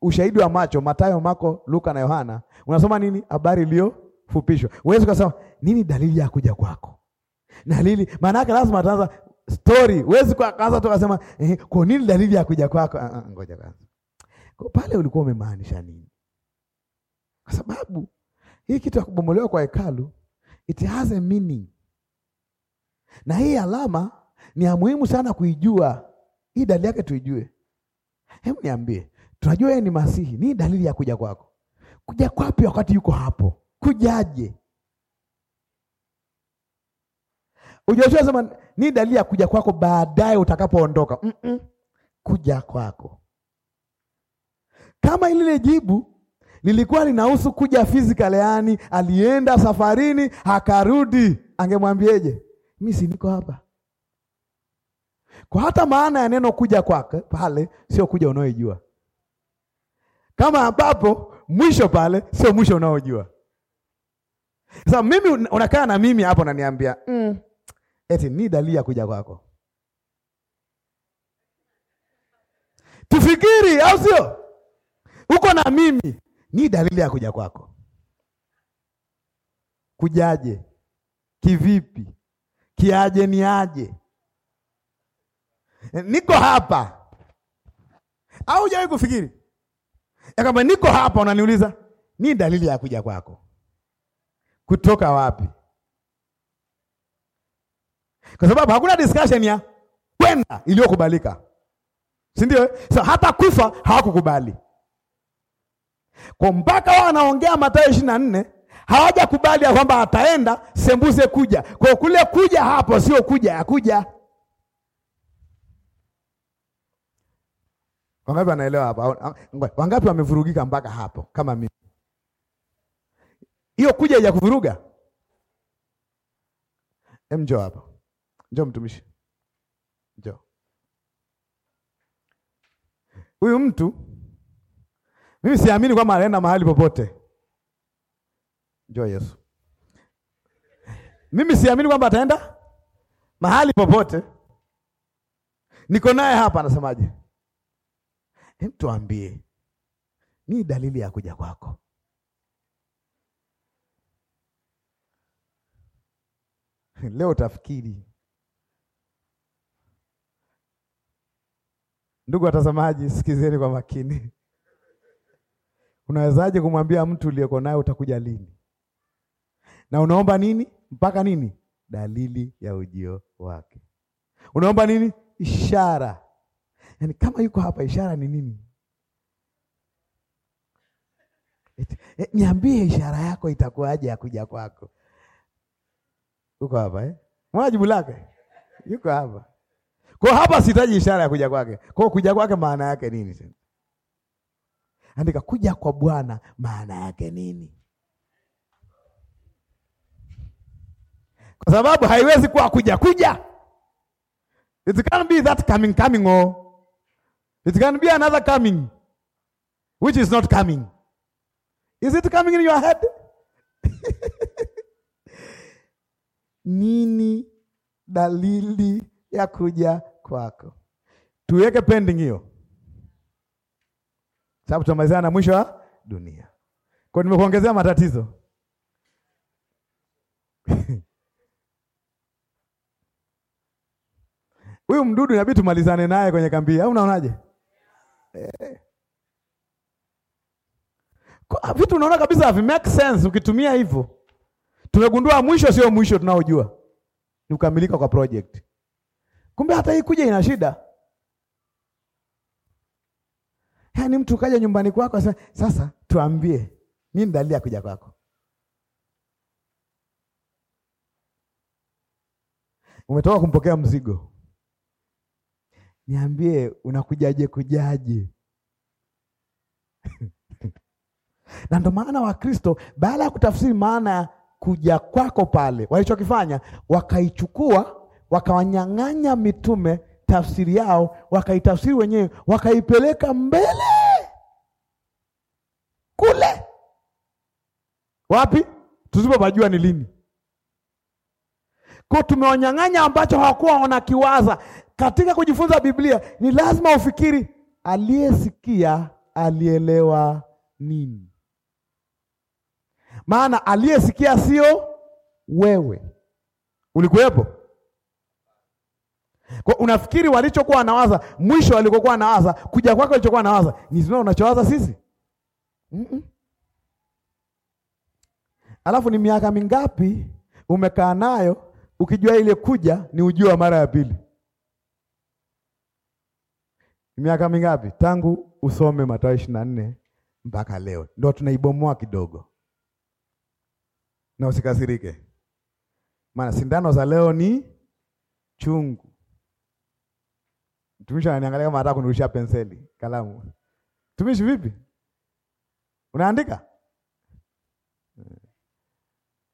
ushahidi wa macho Mathayo, Marko, Luka na Yohana, unasoma nini? Habari iliyo kufupishwa. Uwezi ukasema nini dalili ya kuja kwako, dalili maana yake lazima ataanza story. Uwezi kuanza tu kusema eh, kwa nini dalili ya kuja kwako? Ah, ah, ngoja kwanza, kwa pale ulikuwa umemaanisha nini? Kwa sababu hii kitu ya kubomolewa kwa hekalu it has a meaning, na hii alama ni ya muhimu sana kuijua, hii dalili yake tuijue. Hebu niambie, tunajua yeye ni Masihi, nini dalili ya kuja kwako? Kuja kwapi wakati yuko hapo? kujaje? Ujoshua sema ni dalili ya kuja kwako baadaye utakapoondoka. mm -mm. Kuja kwako kama ilile jibu lilikuwa linahusu kuja physical, yaani alienda safarini akarudi, angemwambieje? Mimi si niko hapa. Kwa hata maana ya neno kuja kwake pale sio kuja unaojua, kama ambapo mwisho pale sio mwisho unaojua. Sasa mimi unakaa na mimi hapo unaniambia mm, eti ni dalili ya kuja kwako. Tufikiri au sio? Uko na mimi ni dalili ya kuja kwako. Kujaje? Kivipi? Kiaje? Niaje? Niko hapa. Au hujawahi kufikiri ya kwamba niko hapa, unaniuliza ni dalili ya kuja kwako? kutoka wapi? Kwa sababu hakuna discussion ya kwenda iliyokubalika, si ndio? So, hata kufa hawakukubali kwa mpaka wao wanaongea Mathayo ishirini na nne hawajakubali ya kwamba ataenda sembuse kuja kwa kule kuja hapo, sio kuja ya kuja. Wangapi wanaelewa hapa? Wangapi wamevurugika mpaka hapo kama mimi? hiyo kuja ya kuvuruga. Em, njoo hapa, njoo mtumishi, njoo huyu mtu. Mimi siamini kwamba anaenda mahali popote. Njoo Yesu. Mimi siamini kwamba ataenda mahali popote. Niko naye hapa, anasemaje? Hem, tuambie, ni dalili ya kuja kwako leo utafikiri. Ndugu watazamaji, sikizeni kwa makini. Unawezaje kumwambia mtu uliyeko naye utakuja lini, na unaomba nini mpaka nini? Dalili ya ujio wake. Unaomba nini? Ishara. Yaani kama yuko hapa, ishara ni nini? Eh, niambie ishara yako itakuwaje ya kuja kwako? yuko hapa eh? Mwana jibu lake. Yuko hapa. Kwa hapa sitaji ishara ya kuja kwake. Kwa kuja kwake maana yake nini tena? Andika kuja kwa Bwana maana yake nini? Kwa sababu haiwezi kuwa kuja kuja. It can be that coming coming oh. It can be another coming which is not coming. Is it coming in your head? nini dalili ya kuja kwako? Tuweke pending hiyo, sababu tunamalizana na mwisho wa dunia. Kwa nimekuongezea matatizo huyu mdudu inabidi tumalizane naye kwenye kambi, au unaonaje? Eh, vitu unaona kabisa havi make sense ukitumia hivyo. Tumegundua mwisho sio mwisho tunaojua, ni kukamilika kwa project. Kumbe hata hii kuja ina shida. Yaani mtu kaja nyumbani kwako sasa, sasa tuambie nini dalili ya kuja kwako? Umetoka kumpokea mzigo, niambie unakujaje kujaje? na ndo maana Wakristo baada ya kutafsiri maana kuja kwako pale. Walichokifanya, wakaichukua wakawanyang'anya mitume tafsiri yao, wakaitafsiri wenyewe, wakaipeleka mbele kule. Wapi? Tusipopajua ni lini kwa tumewanyang'anya ambacho hawakuwa wanakiwaza. Katika kujifunza Biblia ni lazima ufikiri, aliyesikia alielewa nini? maana aliyesikia sio wewe. Ulikuwepo? Kwa unafikiri walichokuwa wanawaza mwisho, walikokuwa wanawaza kuja kwako, walichokuwa wanawaza ni zile unachowaza sisi? mm -mm. Alafu ni miaka mingapi umekaa nayo ukijua ile kuja ni ujio wa mara ya pili? Miaka mingapi tangu usome Mathayo ishirini na nne mpaka leo? Ndio tunaibomoa kidogo na usikasirike, maana sindano za leo ni chungu. Mtumishi ananiangalia kama anataka kunirusha penseli, kalamu. Mtumishi vipi, unaandika?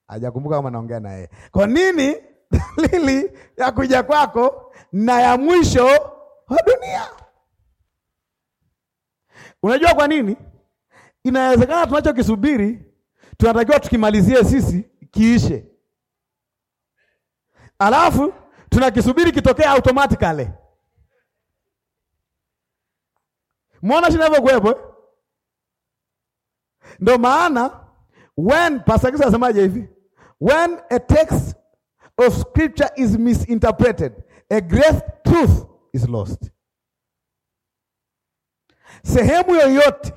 Hajakumbuka kama naongea na yeye. Kwa nini dalili ya kuja kwako na ya mwisho wa dunia? Unajua kwa nini? Inawezekana tunachokisubiri tunatakiwa tukimalizie sisi kiishe, alafu tunakisubiri kitokea automatically. mwona shinavyokuwepo, ndo maana when Pastor Kisa asemaje hivi, when a text of scripture is misinterpreted a great truth is lost. Sehemu yoyote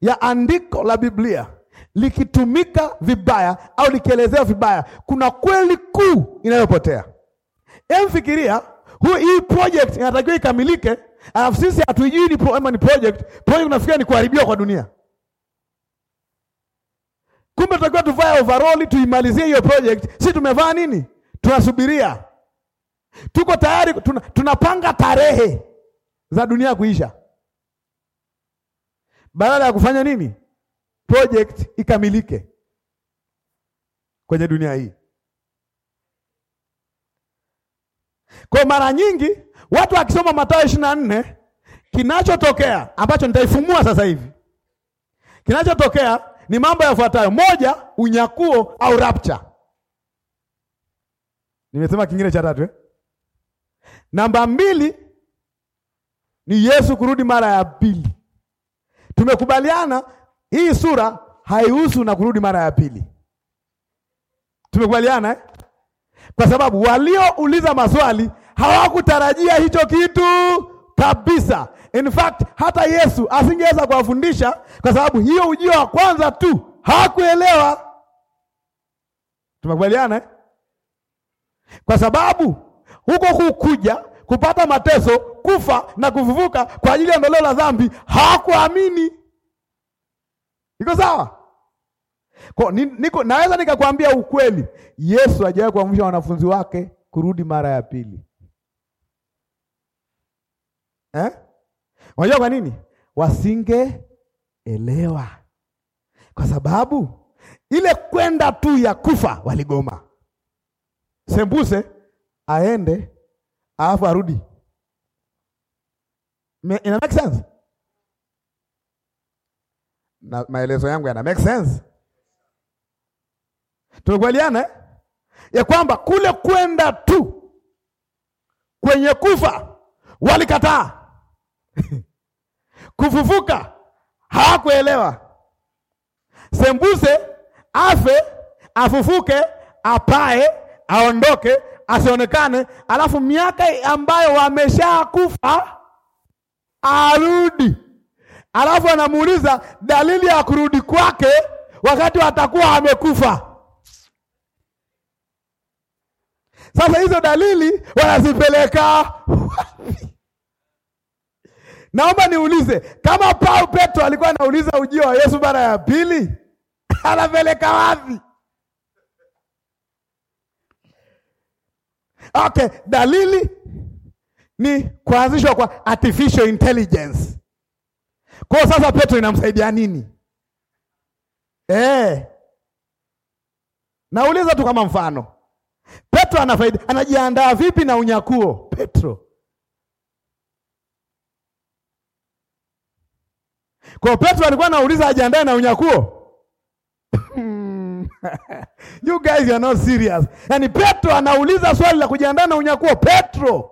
ya andiko la Biblia likitumika vibaya au likielezewa vibaya, kuna kweli kuu inayopotea. Emfikiria huu, hii project inatakiwa ikamilike, alafu sisi hatuijui ni ama ni project. Project unafikiria ni kuharibiwa kwa dunia, kumbe tutakiwa tuvae overall tuimalizie hiyo project. Si tumevaa nini? Tunasubiria, tuko tayari, tunapanga tarehe za dunia kuisha, badala ya kufanya nini? project ikamilike kwenye dunia hii. Kwa mara nyingi watu wakisoma Mathayo ishirini na nne kinachotokea ambacho nitaifumua sasa hivi, kinachotokea ni mambo yafuatayo: moja, unyakuo au rapture. Nimesema kingine cha tatu eh? Namba mbili ni Yesu kurudi mara ya pili. Tumekubaliana hii sura haihusu na kurudi mara ya pili. Tumekubaliana eh? Kwa sababu waliouliza maswali hawakutarajia hicho kitu kabisa. In fact, hata Yesu asingeweza kuwafundisha kwa sababu hiyo ujio wa kwanza tu hawakuelewa. Tumekubaliana eh? Kwa sababu huko kukuja kupata mateso, kufa na kufufuka kwa ajili ya ondoleo la dhambi hawakuamini iko sawa? Kwa, niko, naweza nikakwambia ukweli, Yesu hajawahi kuamsha wanafunzi wake kurudi mara ya pili eh? Unajua kwa nini? Wasingeelewa, kwa sababu ile kwenda tu ya kufa waligoma, sembuse aende alafu arudi. Ina make sense? na maelezo yangu yana make sense? Tumekubaliana eh? ya kwamba kule kwenda tu kwenye kufa walikataa, kufufuka hawakuelewa, sembuse afe, afufuke, apae, aondoke, asionekane, alafu miaka ambayo wameshakufa arudi alafu anamuuliza dalili ya kurudi kwake wakati atakuwa amekufa. Sasa hizo dalili wanazipeleka Naomba niulize, kama Paul Petro alikuwa anauliza ujio wa Yesu mara ya pili, anapeleka wapi? Okay, dalili ni kuanzishwa kwa artificial intelligence. Kwa hiyo sasa Petro inamsaidia nini? Eh. Nauliza tu kama mfano. Petro anafaidi, anajiandaa vipi na unyakuo? Petro. Kwa Petro alikuwa anauliza ajiandae na unyakuo? Hmm. You guys are not serious. Yaani Petro anauliza swali la kujiandaa na unyakuo. Petro.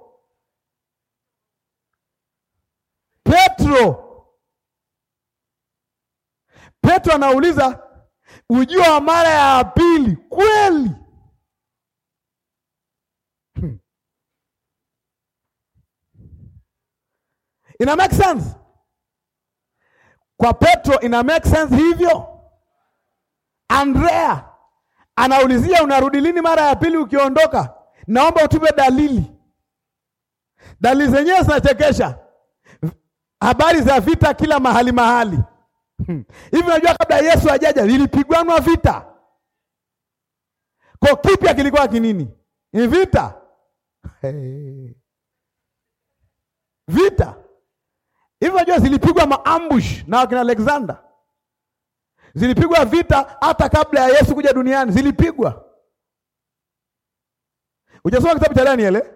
Petro. Petro anauliza ujio wa mara ya pili kweli? Hmm. Ina make sense? Kwa Petro ina make sense hivyo. Andrea anaulizia unarudi lini mara ya pili ukiondoka? Naomba utupe dalili. Dalili zenyewe zinachekesha. Habari za vita kila mahali mahali. Hmm. hivi unajua, kabla Yesu ajaja lilipigwanwa vita, kwa kipya kilikuwa kinini? Ni vita hey. Vita hivi unajua, zilipigwa maambush na wakina Alexander, zilipigwa vita hata kabla ya Yesu kuja duniani, zilipigwa. ujasoma kitabu cha Daniel eh?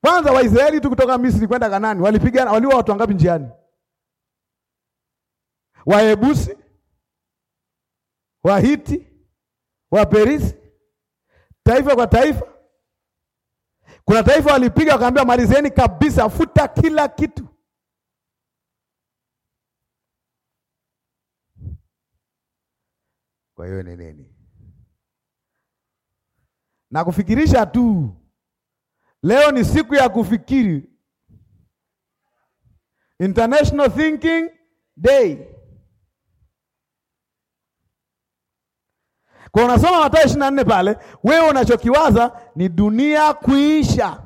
Kwanza Waisraeli tu kutoka Misri kwenda Kanani walipigana, waliua watu wangapi njiani? Waebusi, Wahiti, Waperisi, taifa kwa taifa. Kuna taifa walipiga wakaambia, malizeni kabisa, futa kila kitu. Kwa hiyo neneni na kufikirisha tu Leo ni siku ya kufikiri, International Thinking Day. Kwa unasoma Mathayo ishirini na nne pale, wewe unachokiwaza ni dunia kuisha.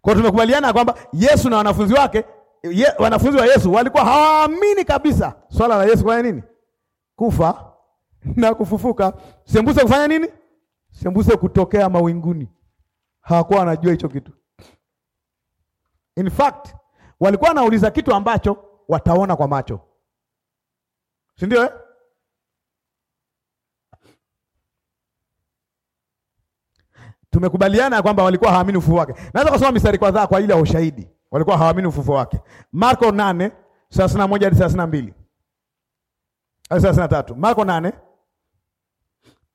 Kwa tumekubaliana kwamba Yesu na wanafunzi wake ye, wanafunzi wa Yesu walikuwa hawaamini kabisa swala la Yesu kwa nini kufa na kufufuka, sembuse kufanya nini? Sembuse kutokea mawinguni. Hawakuwa wanajua hicho kitu. In fact, walikuwa wanauliza kitu ambacho wataona kwa macho, si ndio eh? Tumekubaliana kwamba walikuwa hawaamini ufufuo wake. Naweza kusoma mistari kadhaa kwa ajili ya ushahidi. Walikuwa hawaamini ufufuo wake. Marko 8:31 hadi 32 hadi 33. Marko 8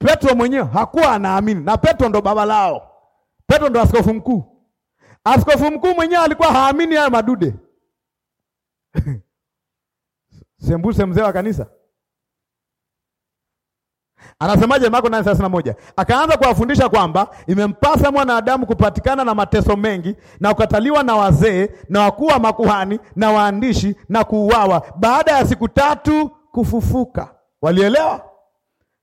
Petro mwenyewe hakuwa anaamini, na Petro ndo baba lao. Petro ndo askofu mkuu. Askofu mkuu mwenyewe alikuwa haamini hayo madude sembuse mzee wa kanisa anasemaje? Marko 9:31 akaanza kuwafundisha kwamba imempasa mwanadamu kupatikana na mateso mengi na kukataliwa na wazee na wakuu wa makuhani na waandishi na kuuawa, baada ya siku tatu kufufuka. Walielewa?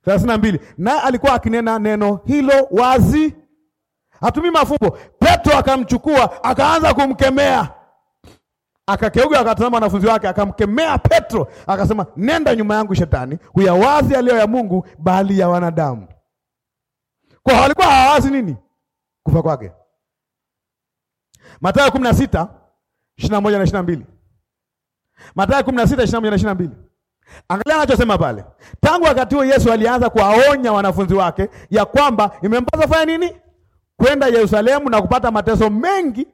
thelathini na mbili naye alikuwa akinena neno hilo wazi, hatumii mafumbo. Petro akamchukua akaanza kumkemea, akakeuga akatazama wanafunzi wake, akamkemea Petro akasema, nenda nyuma yangu Shetani, huyawazi yaliyo ya Mungu bali ya wanadamu. Kwa alikuwa hawazi nini? Kufa kwake. Mathayo kumi na sita ishirini na moja na ishirini na mbili Mathayo kumi na sita ishirini na moja na ishirini na mbili Angalia anachosema pale. Tangu wakati huo Yesu alianza kuwaonya wanafunzi wake ya kwamba imempasa fanya nini? Kwenda Yerusalemu na kupata mateso mengi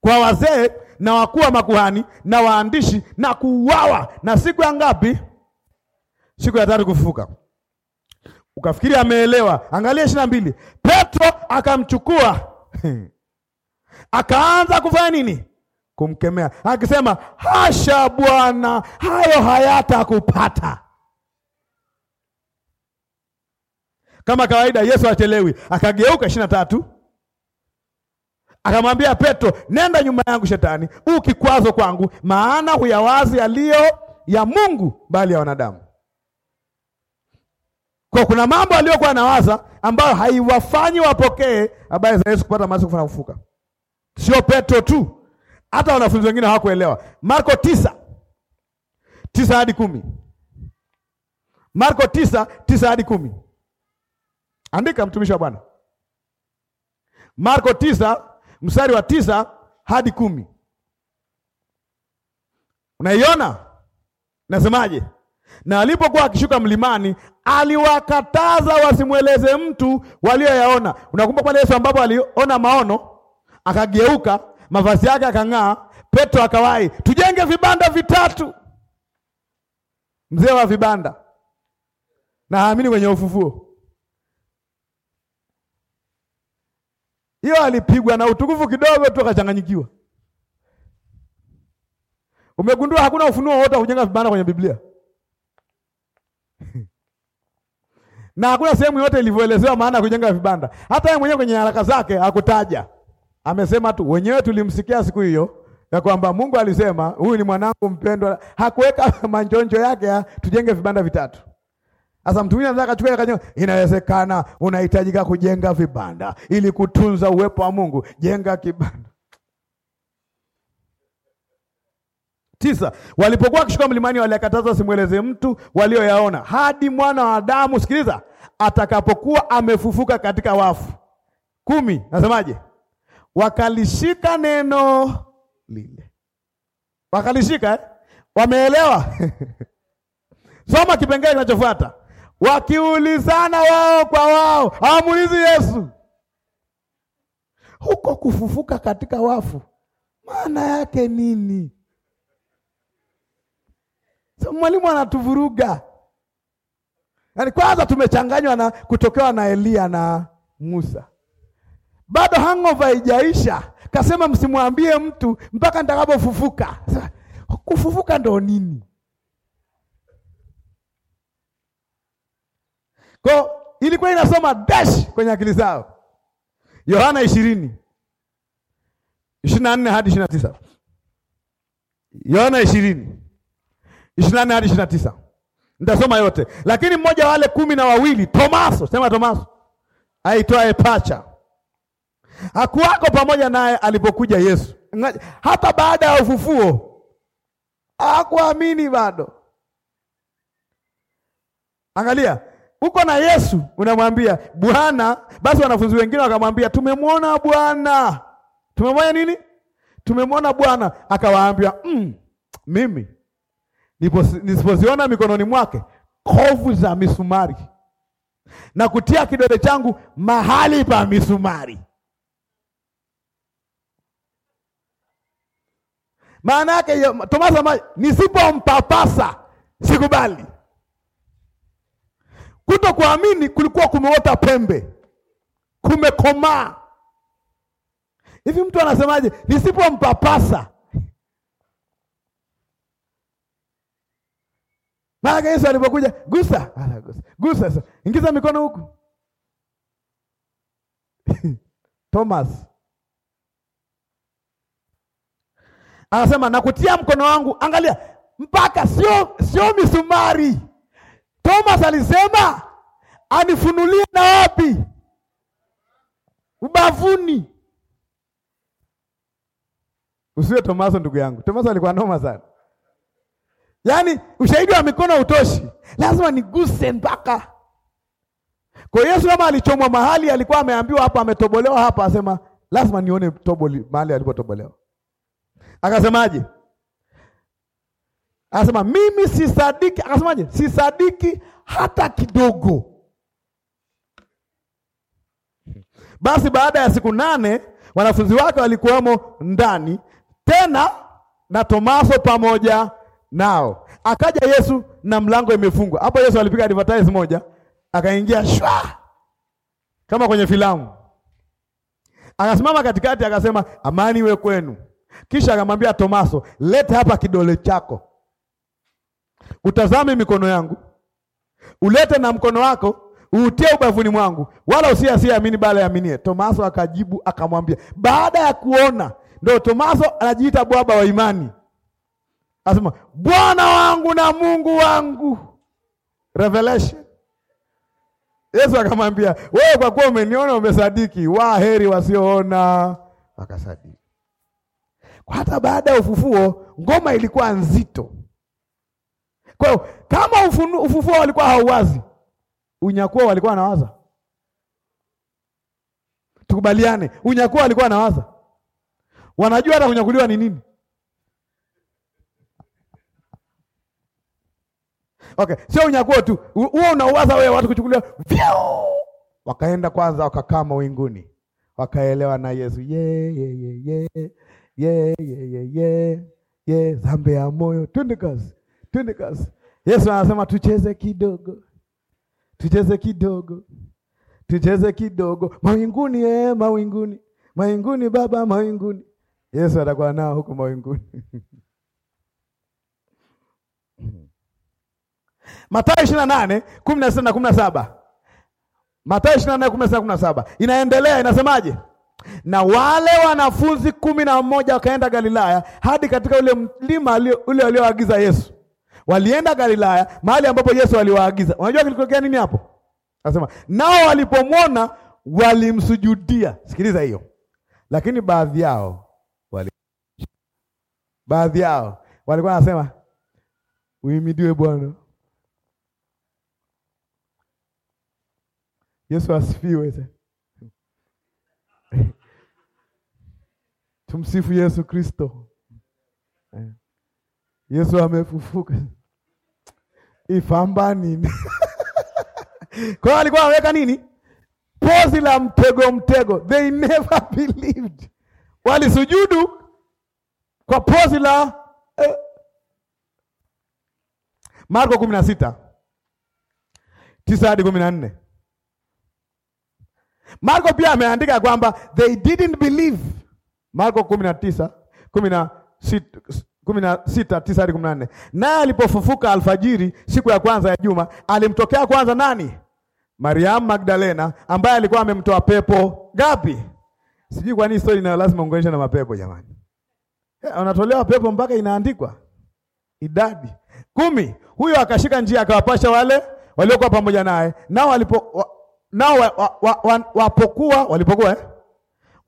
kwa wazee na wakuu wa makuhani na waandishi na kuuawa, na siku ya ngapi? Siku ya tatu kufufuka. Ukafikiri ameelewa? Angalia ishirini na mbili. Petro akamchukua akaanza kufanya nini? kumkemea akisema, hasha Bwana, hayo hayatakupata. Kama kawaida, Yesu achelewi, akageuka ishirini na tatu akamwambia Petro, nenda nyuma yangu Shetani, huu kikwazo kwangu, maana huyawazi yaliyo ya Mungu bali ya wanadamu. Kwa kuna mambo aliyokuwa anawaza ambayo haiwafanyi wapokee habari za Yesu kupata mazi maasi kufuka Sio Petro tu hata wanafunzi wengine hawakuelewa. Marko tisa tisa hadi kumi Marko tisa tisa hadi kumi Andika mtumishi wa Bwana, Marko tisa mstari wa tisa hadi kumi Unaiona nasemaje? Na alipokuwa akishuka mlimani, aliwakataza wasimweleze mtu walioyaona. Unakumbuka pale Yesu ambapo aliona maono akageuka mavazi yake akang'aa. Petro akawai tujenge vibanda vitatu. Mzee wa vibanda na haamini kwenye ufufuo, hiyo alipigwa na utukufu kidogo tu akachanganyikiwa. Umegundua hakuna ufunuo wote wa kujenga vibanda kwenye Biblia na hakuna sehemu yote ilivyoelezewa maana ya kujenga vibanda. Hata yeye mwenyewe kwenye haraka zake hakutaja Amesema tu wenyewe tulimsikia siku hiyo ya kwamba Mungu alisema huyu ni mwanangu mpendwa, hakuweka manjonjo yake ya tujenge vibanda vitatu. Sasa mtu mwingine anataka kuchukua kanyo, inawezekana unahitajika kujenga vibanda ili kutunza uwepo wa Mungu. Jenga kibanda. Tisa, walipokuwa wakishuka mlimani walikatazwa simweleze mtu walioyaona hadi mwana wa Adamu, sikiliza, atakapokuwa amefufuka katika wafu. Kumi, nasemaje? wakalishika neno lile, wakalishika eh? Wameelewa? Soma kipengele kinachofuata, wakiulizana wao kwa wao, hawamuulizi Yesu huko kufufuka katika wafu maana yake nini? So, mwalimu anatuvuruga. Yaani kwanza tumechanganywa na kutokewa na Elia na Musa bado hangover haijaisha, kasema msimwambie mtu mpaka nitakapofufuka. Kufufuka ndo nini? Ko ilikuwa inasoma dash kwenye akili zao. Yohana ishirini ishirini na nne hadi ishirini na tisa Yohana ishirini ishirini na nne hadi ishirini na tisa Nitasoma yote, lakini mmoja wale kumi na wawili Tomaso, sema Tomaso aitwaye pacha hakuwako pamoja naye alipokuja Yesu. Hata baada ya ufufuo hakuamini bado. Angalia, uko na Yesu unamwambia Bwana. Basi wanafunzi wengine wakamwambia, tumemwona Bwana. Tumemwona nini? Tumemwona Bwana. Akawaambia, mm, mimi nisipoziona mikononi mwake kovu za misumari na kutia kidole changu mahali pa misumari Maana yake Tomaso nisipompapasa sikubali. Kuto kuamini kulikuwa kumeota pembe, kumekomaa hivi. Mtu anasemaje? Nisipompapasa. Maana Yesu alipokuja, gusa gusa gusa, ingiza mikono huku Thomas Anasema nakutia mkono wangu, angalia mpaka sio sio misumari. Thomas alisema anifunulie na wapi? Ubavuni. Usiwe Tomaso ndugu yangu. Tomaso alikuwa noma sana. Yaani ushahidi wa mikono utoshi, lazima niguse mpaka. Kwa Yesu kama alichomwa mahali, alikuwa ameambiwa hapa, ametobolewa hapa, asema lazima nione toboli mahali alipotobolewa. Akasemaje? Akasema mimi sisadiki. Akasemaje? Sisadiki hata kidogo. Basi baada ya siku nane wanafunzi wake walikuwamo ndani tena na Tomaso pamoja nao. Akaja Yesu na mlango imefungwa. Hapo Yesu alipiga advertise moja, akaingia shwa kama kwenye filamu, akasimama katikati, akasema amani iwe kwenu. Kisha akamwambia Tomaso, lete hapa kidole chako, utazame mikono yangu, ulete na mkono wako uutie ubavuni mwangu, wala usiye asiyeamini bali aminie. Tomaso akajibu akamwambia, baada ya kuona. Ndio Tomaso anajiita bwaba wa imani, asema Bwana wangu na Mungu wangu. Revelation. Yesu akamwambia, wewe kwa kuwa umeniona umesadiki, waheri wasioona wakasadiki hata baada ya ufufuo ngoma ilikuwa nzito. Kwa hiyo kama ufunu, ufufuo walikuwa hauwazi, unyakuo walikuwa anawaza. Tukubaliane, unyakuo walikuwa anawaza, wanajua hata kunyakuliwa ni nini. Okay, sio unyakuo tu huo unauwaza wewe, watu kuchukuliwa vyao, wakaenda kwanza, wakakaa mawinguni, wakaelewa na Yesu. Ye, ye, ye, ye yeah, yeah, yeah, yeah, yeah, dhambi ya moyo. Twende kazi, twende kazi. Yesu anasema tucheze kidogo, tucheze kidogo, tucheze kidogo mawinguni, eh, mawinguni, mawinguni, Baba, mawinguni. Yesu atakuwa nao huko mawinguni. Mathayo ishirini na nane kumi na sita na kumi na saba Mathayo ishirini na nane kumi na sita na kumi na saba inaendelea, inasemaje? na wale wanafunzi kumi na mmoja wakaenda Galilaya hadi katika ule mlima ule alioagiza Yesu. Walienda Galilaya mahali ambapo Yesu aliwaagiza. Unajua kilitokea nini hapo? Anasema nao walipomwona walimsujudia. Sikiliza hiyo, lakini baadhi yao wali baadhi yao walikuwa wanasema uimidiwe Bwana Yesu asifiwe. Tumsifu Yesu Kristo. Eh. Yesu amefufuka. Ifamba nini? Kwa hiyo alikuwa anaweka nini? Pozi la mtego mtego. They never believed. Walisujudu kwa pozi la eh. Marko kumi na sita tisa hadi kumi na nne. Marko pia ameandika kwamba they didn't believe Marko kumi na tisa kumi na sita kumi na sita tisa hadi kumi na nne Naye alipofufuka alfajiri siku ya kwanza ya juma, alimtokea kwanza nani? Mariamu Magdalena, ambaye alikuwa amemtoa pepo gapi? Sijui kwa nini story na lazima ungoeshe na mapepo jamani. Eh, Anatolewa pepo mpaka inaandikwa idadi kumi. Huyo akashika njia akawapasha wale waliokuwa pamoja naye, nao walipo nao wapokuwa wa, wa, wa, walipokuwa eh?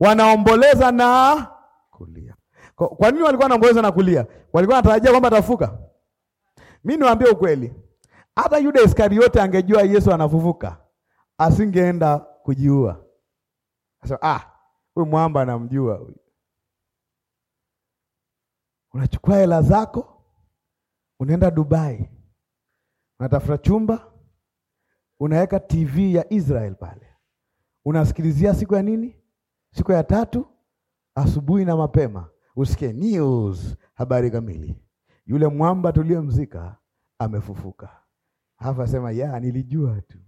wanaomboleza na kulia. Kwa, nini walikuwa wanaomboleza na kulia? Walikuwa wanatarajia kwamba atafuka. Mimi niwaambie ukweli, hata Yuda Iskariote angejua Yesu anafufuka asingeenda kujiua. Sasa ah, huyu mwamba anamjua huyu. Unachukua hela zako unaenda Dubai, unatafuta chumba, unaweka TV ya Israel pale, unasikilizia siku ya nini Siku ya tatu asubuhi na mapema usikie news, habari kamili. Yule mwamba tuliyemzika amefufuka. Hafa sema ya nilijua tu.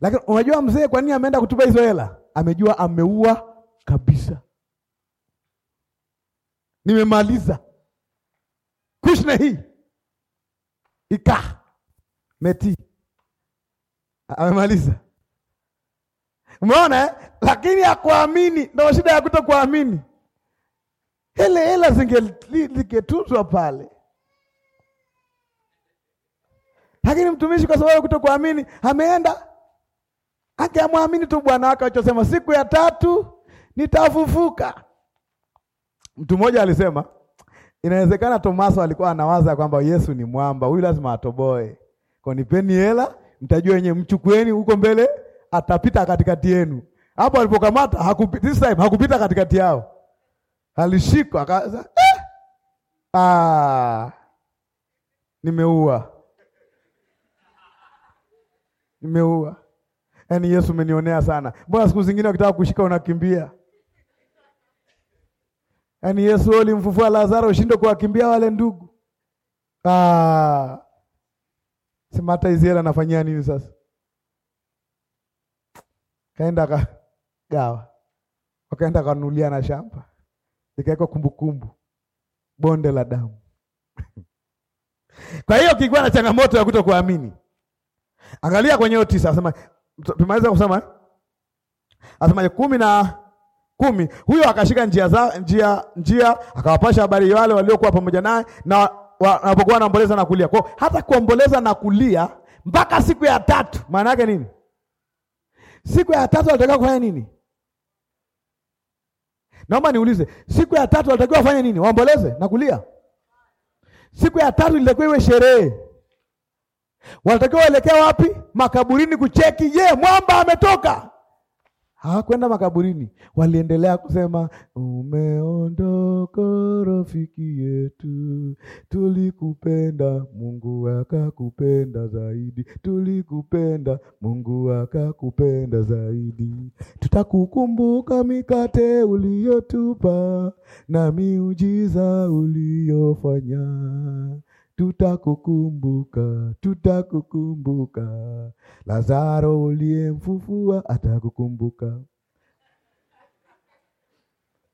Lakini unajua mzee, kwa nini ameenda kutupa hizo hela? Amejua ameua kabisa, nimemaliza kushne hii ika meti amemaliza Umeona eh? Lakini hakuamini, ndio shida ya kutokuamini. Hele hela zingetunzwa pale, lakini mtumishi kwa sababu kutokuamini ameenda, angeamwamini tu bwana wake alichosema, siku ya tatu nitafufuka. Mtu mmoja alisema inawezekana Tomaso alikuwa anawaza kwamba Yesu ni mwamba huyu, lazima atoboe. Kwa nipeni hela, mtajua wenye, mchukueni huko mbele atapita katikati yenu. Hapo alipokamata hakupita, this time hakupita katikati yao, alishikwa akaza eh! Ah, nimeua nimeua. Yaani Yesu umenionea sana. Mbona siku zingine ukitaka kushika unakimbia? Yaani Yesu ulimfufua Lazaro, ushinde kuwakimbia wale ndugu? Ah, sema hata hizi hela nafanyia nini sasa? kaenda akagawa, wakaenda kanulia na shamba ikawekwa kumbukumbu, bonde la damu. Kwa hiyo kilikuwa na changamoto ya kutokuamini. Angalia kwenye hiyo tisa, asema tumaliza kusema, asemaje? kumi na kumi, huyo akashika njia za njia njia, akawapasha habari wale waliokuwa pamoja naye na wanapokuwa wanaomboleza na kulia Kwa Hata kuomboleza na kulia mpaka siku ya tatu, maana yake nini? Siku ya tatu walitakiwa kufanya nini? Naomba niulize, siku ya tatu walitakiwa afanye nini? Waomboleze na kulia? Siku ya tatu ilitakiwa iwe sherehe. Walitakiwa waelekea wapi? Makaburini kucheki, je, mwamba ametoka? hawakwenda makaburini, waliendelea kusema umeondoka rafiki yetu, tulikupenda Mungu akakupenda zaidi, tulikupenda Mungu akakupenda zaidi. Tutakukumbuka mikate uliyotupa na miujiza uliyofanya tutakukumbuka, tutakukumbuka. Lazaro uliyemfufua atakukumbuka.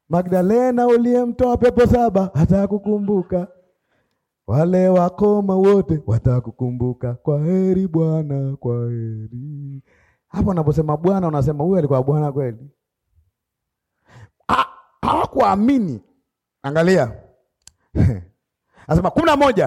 Magdalena uliyemtoa pepo saba atakukumbuka. Wale wakoma wote watakukumbuka. Kwa heri Bwana, kwa heri. Hapo unaposema Bwana unasema huyu alikuwa Bwana kweli. Hawakuamini. Angalia. Anasema kumi na moja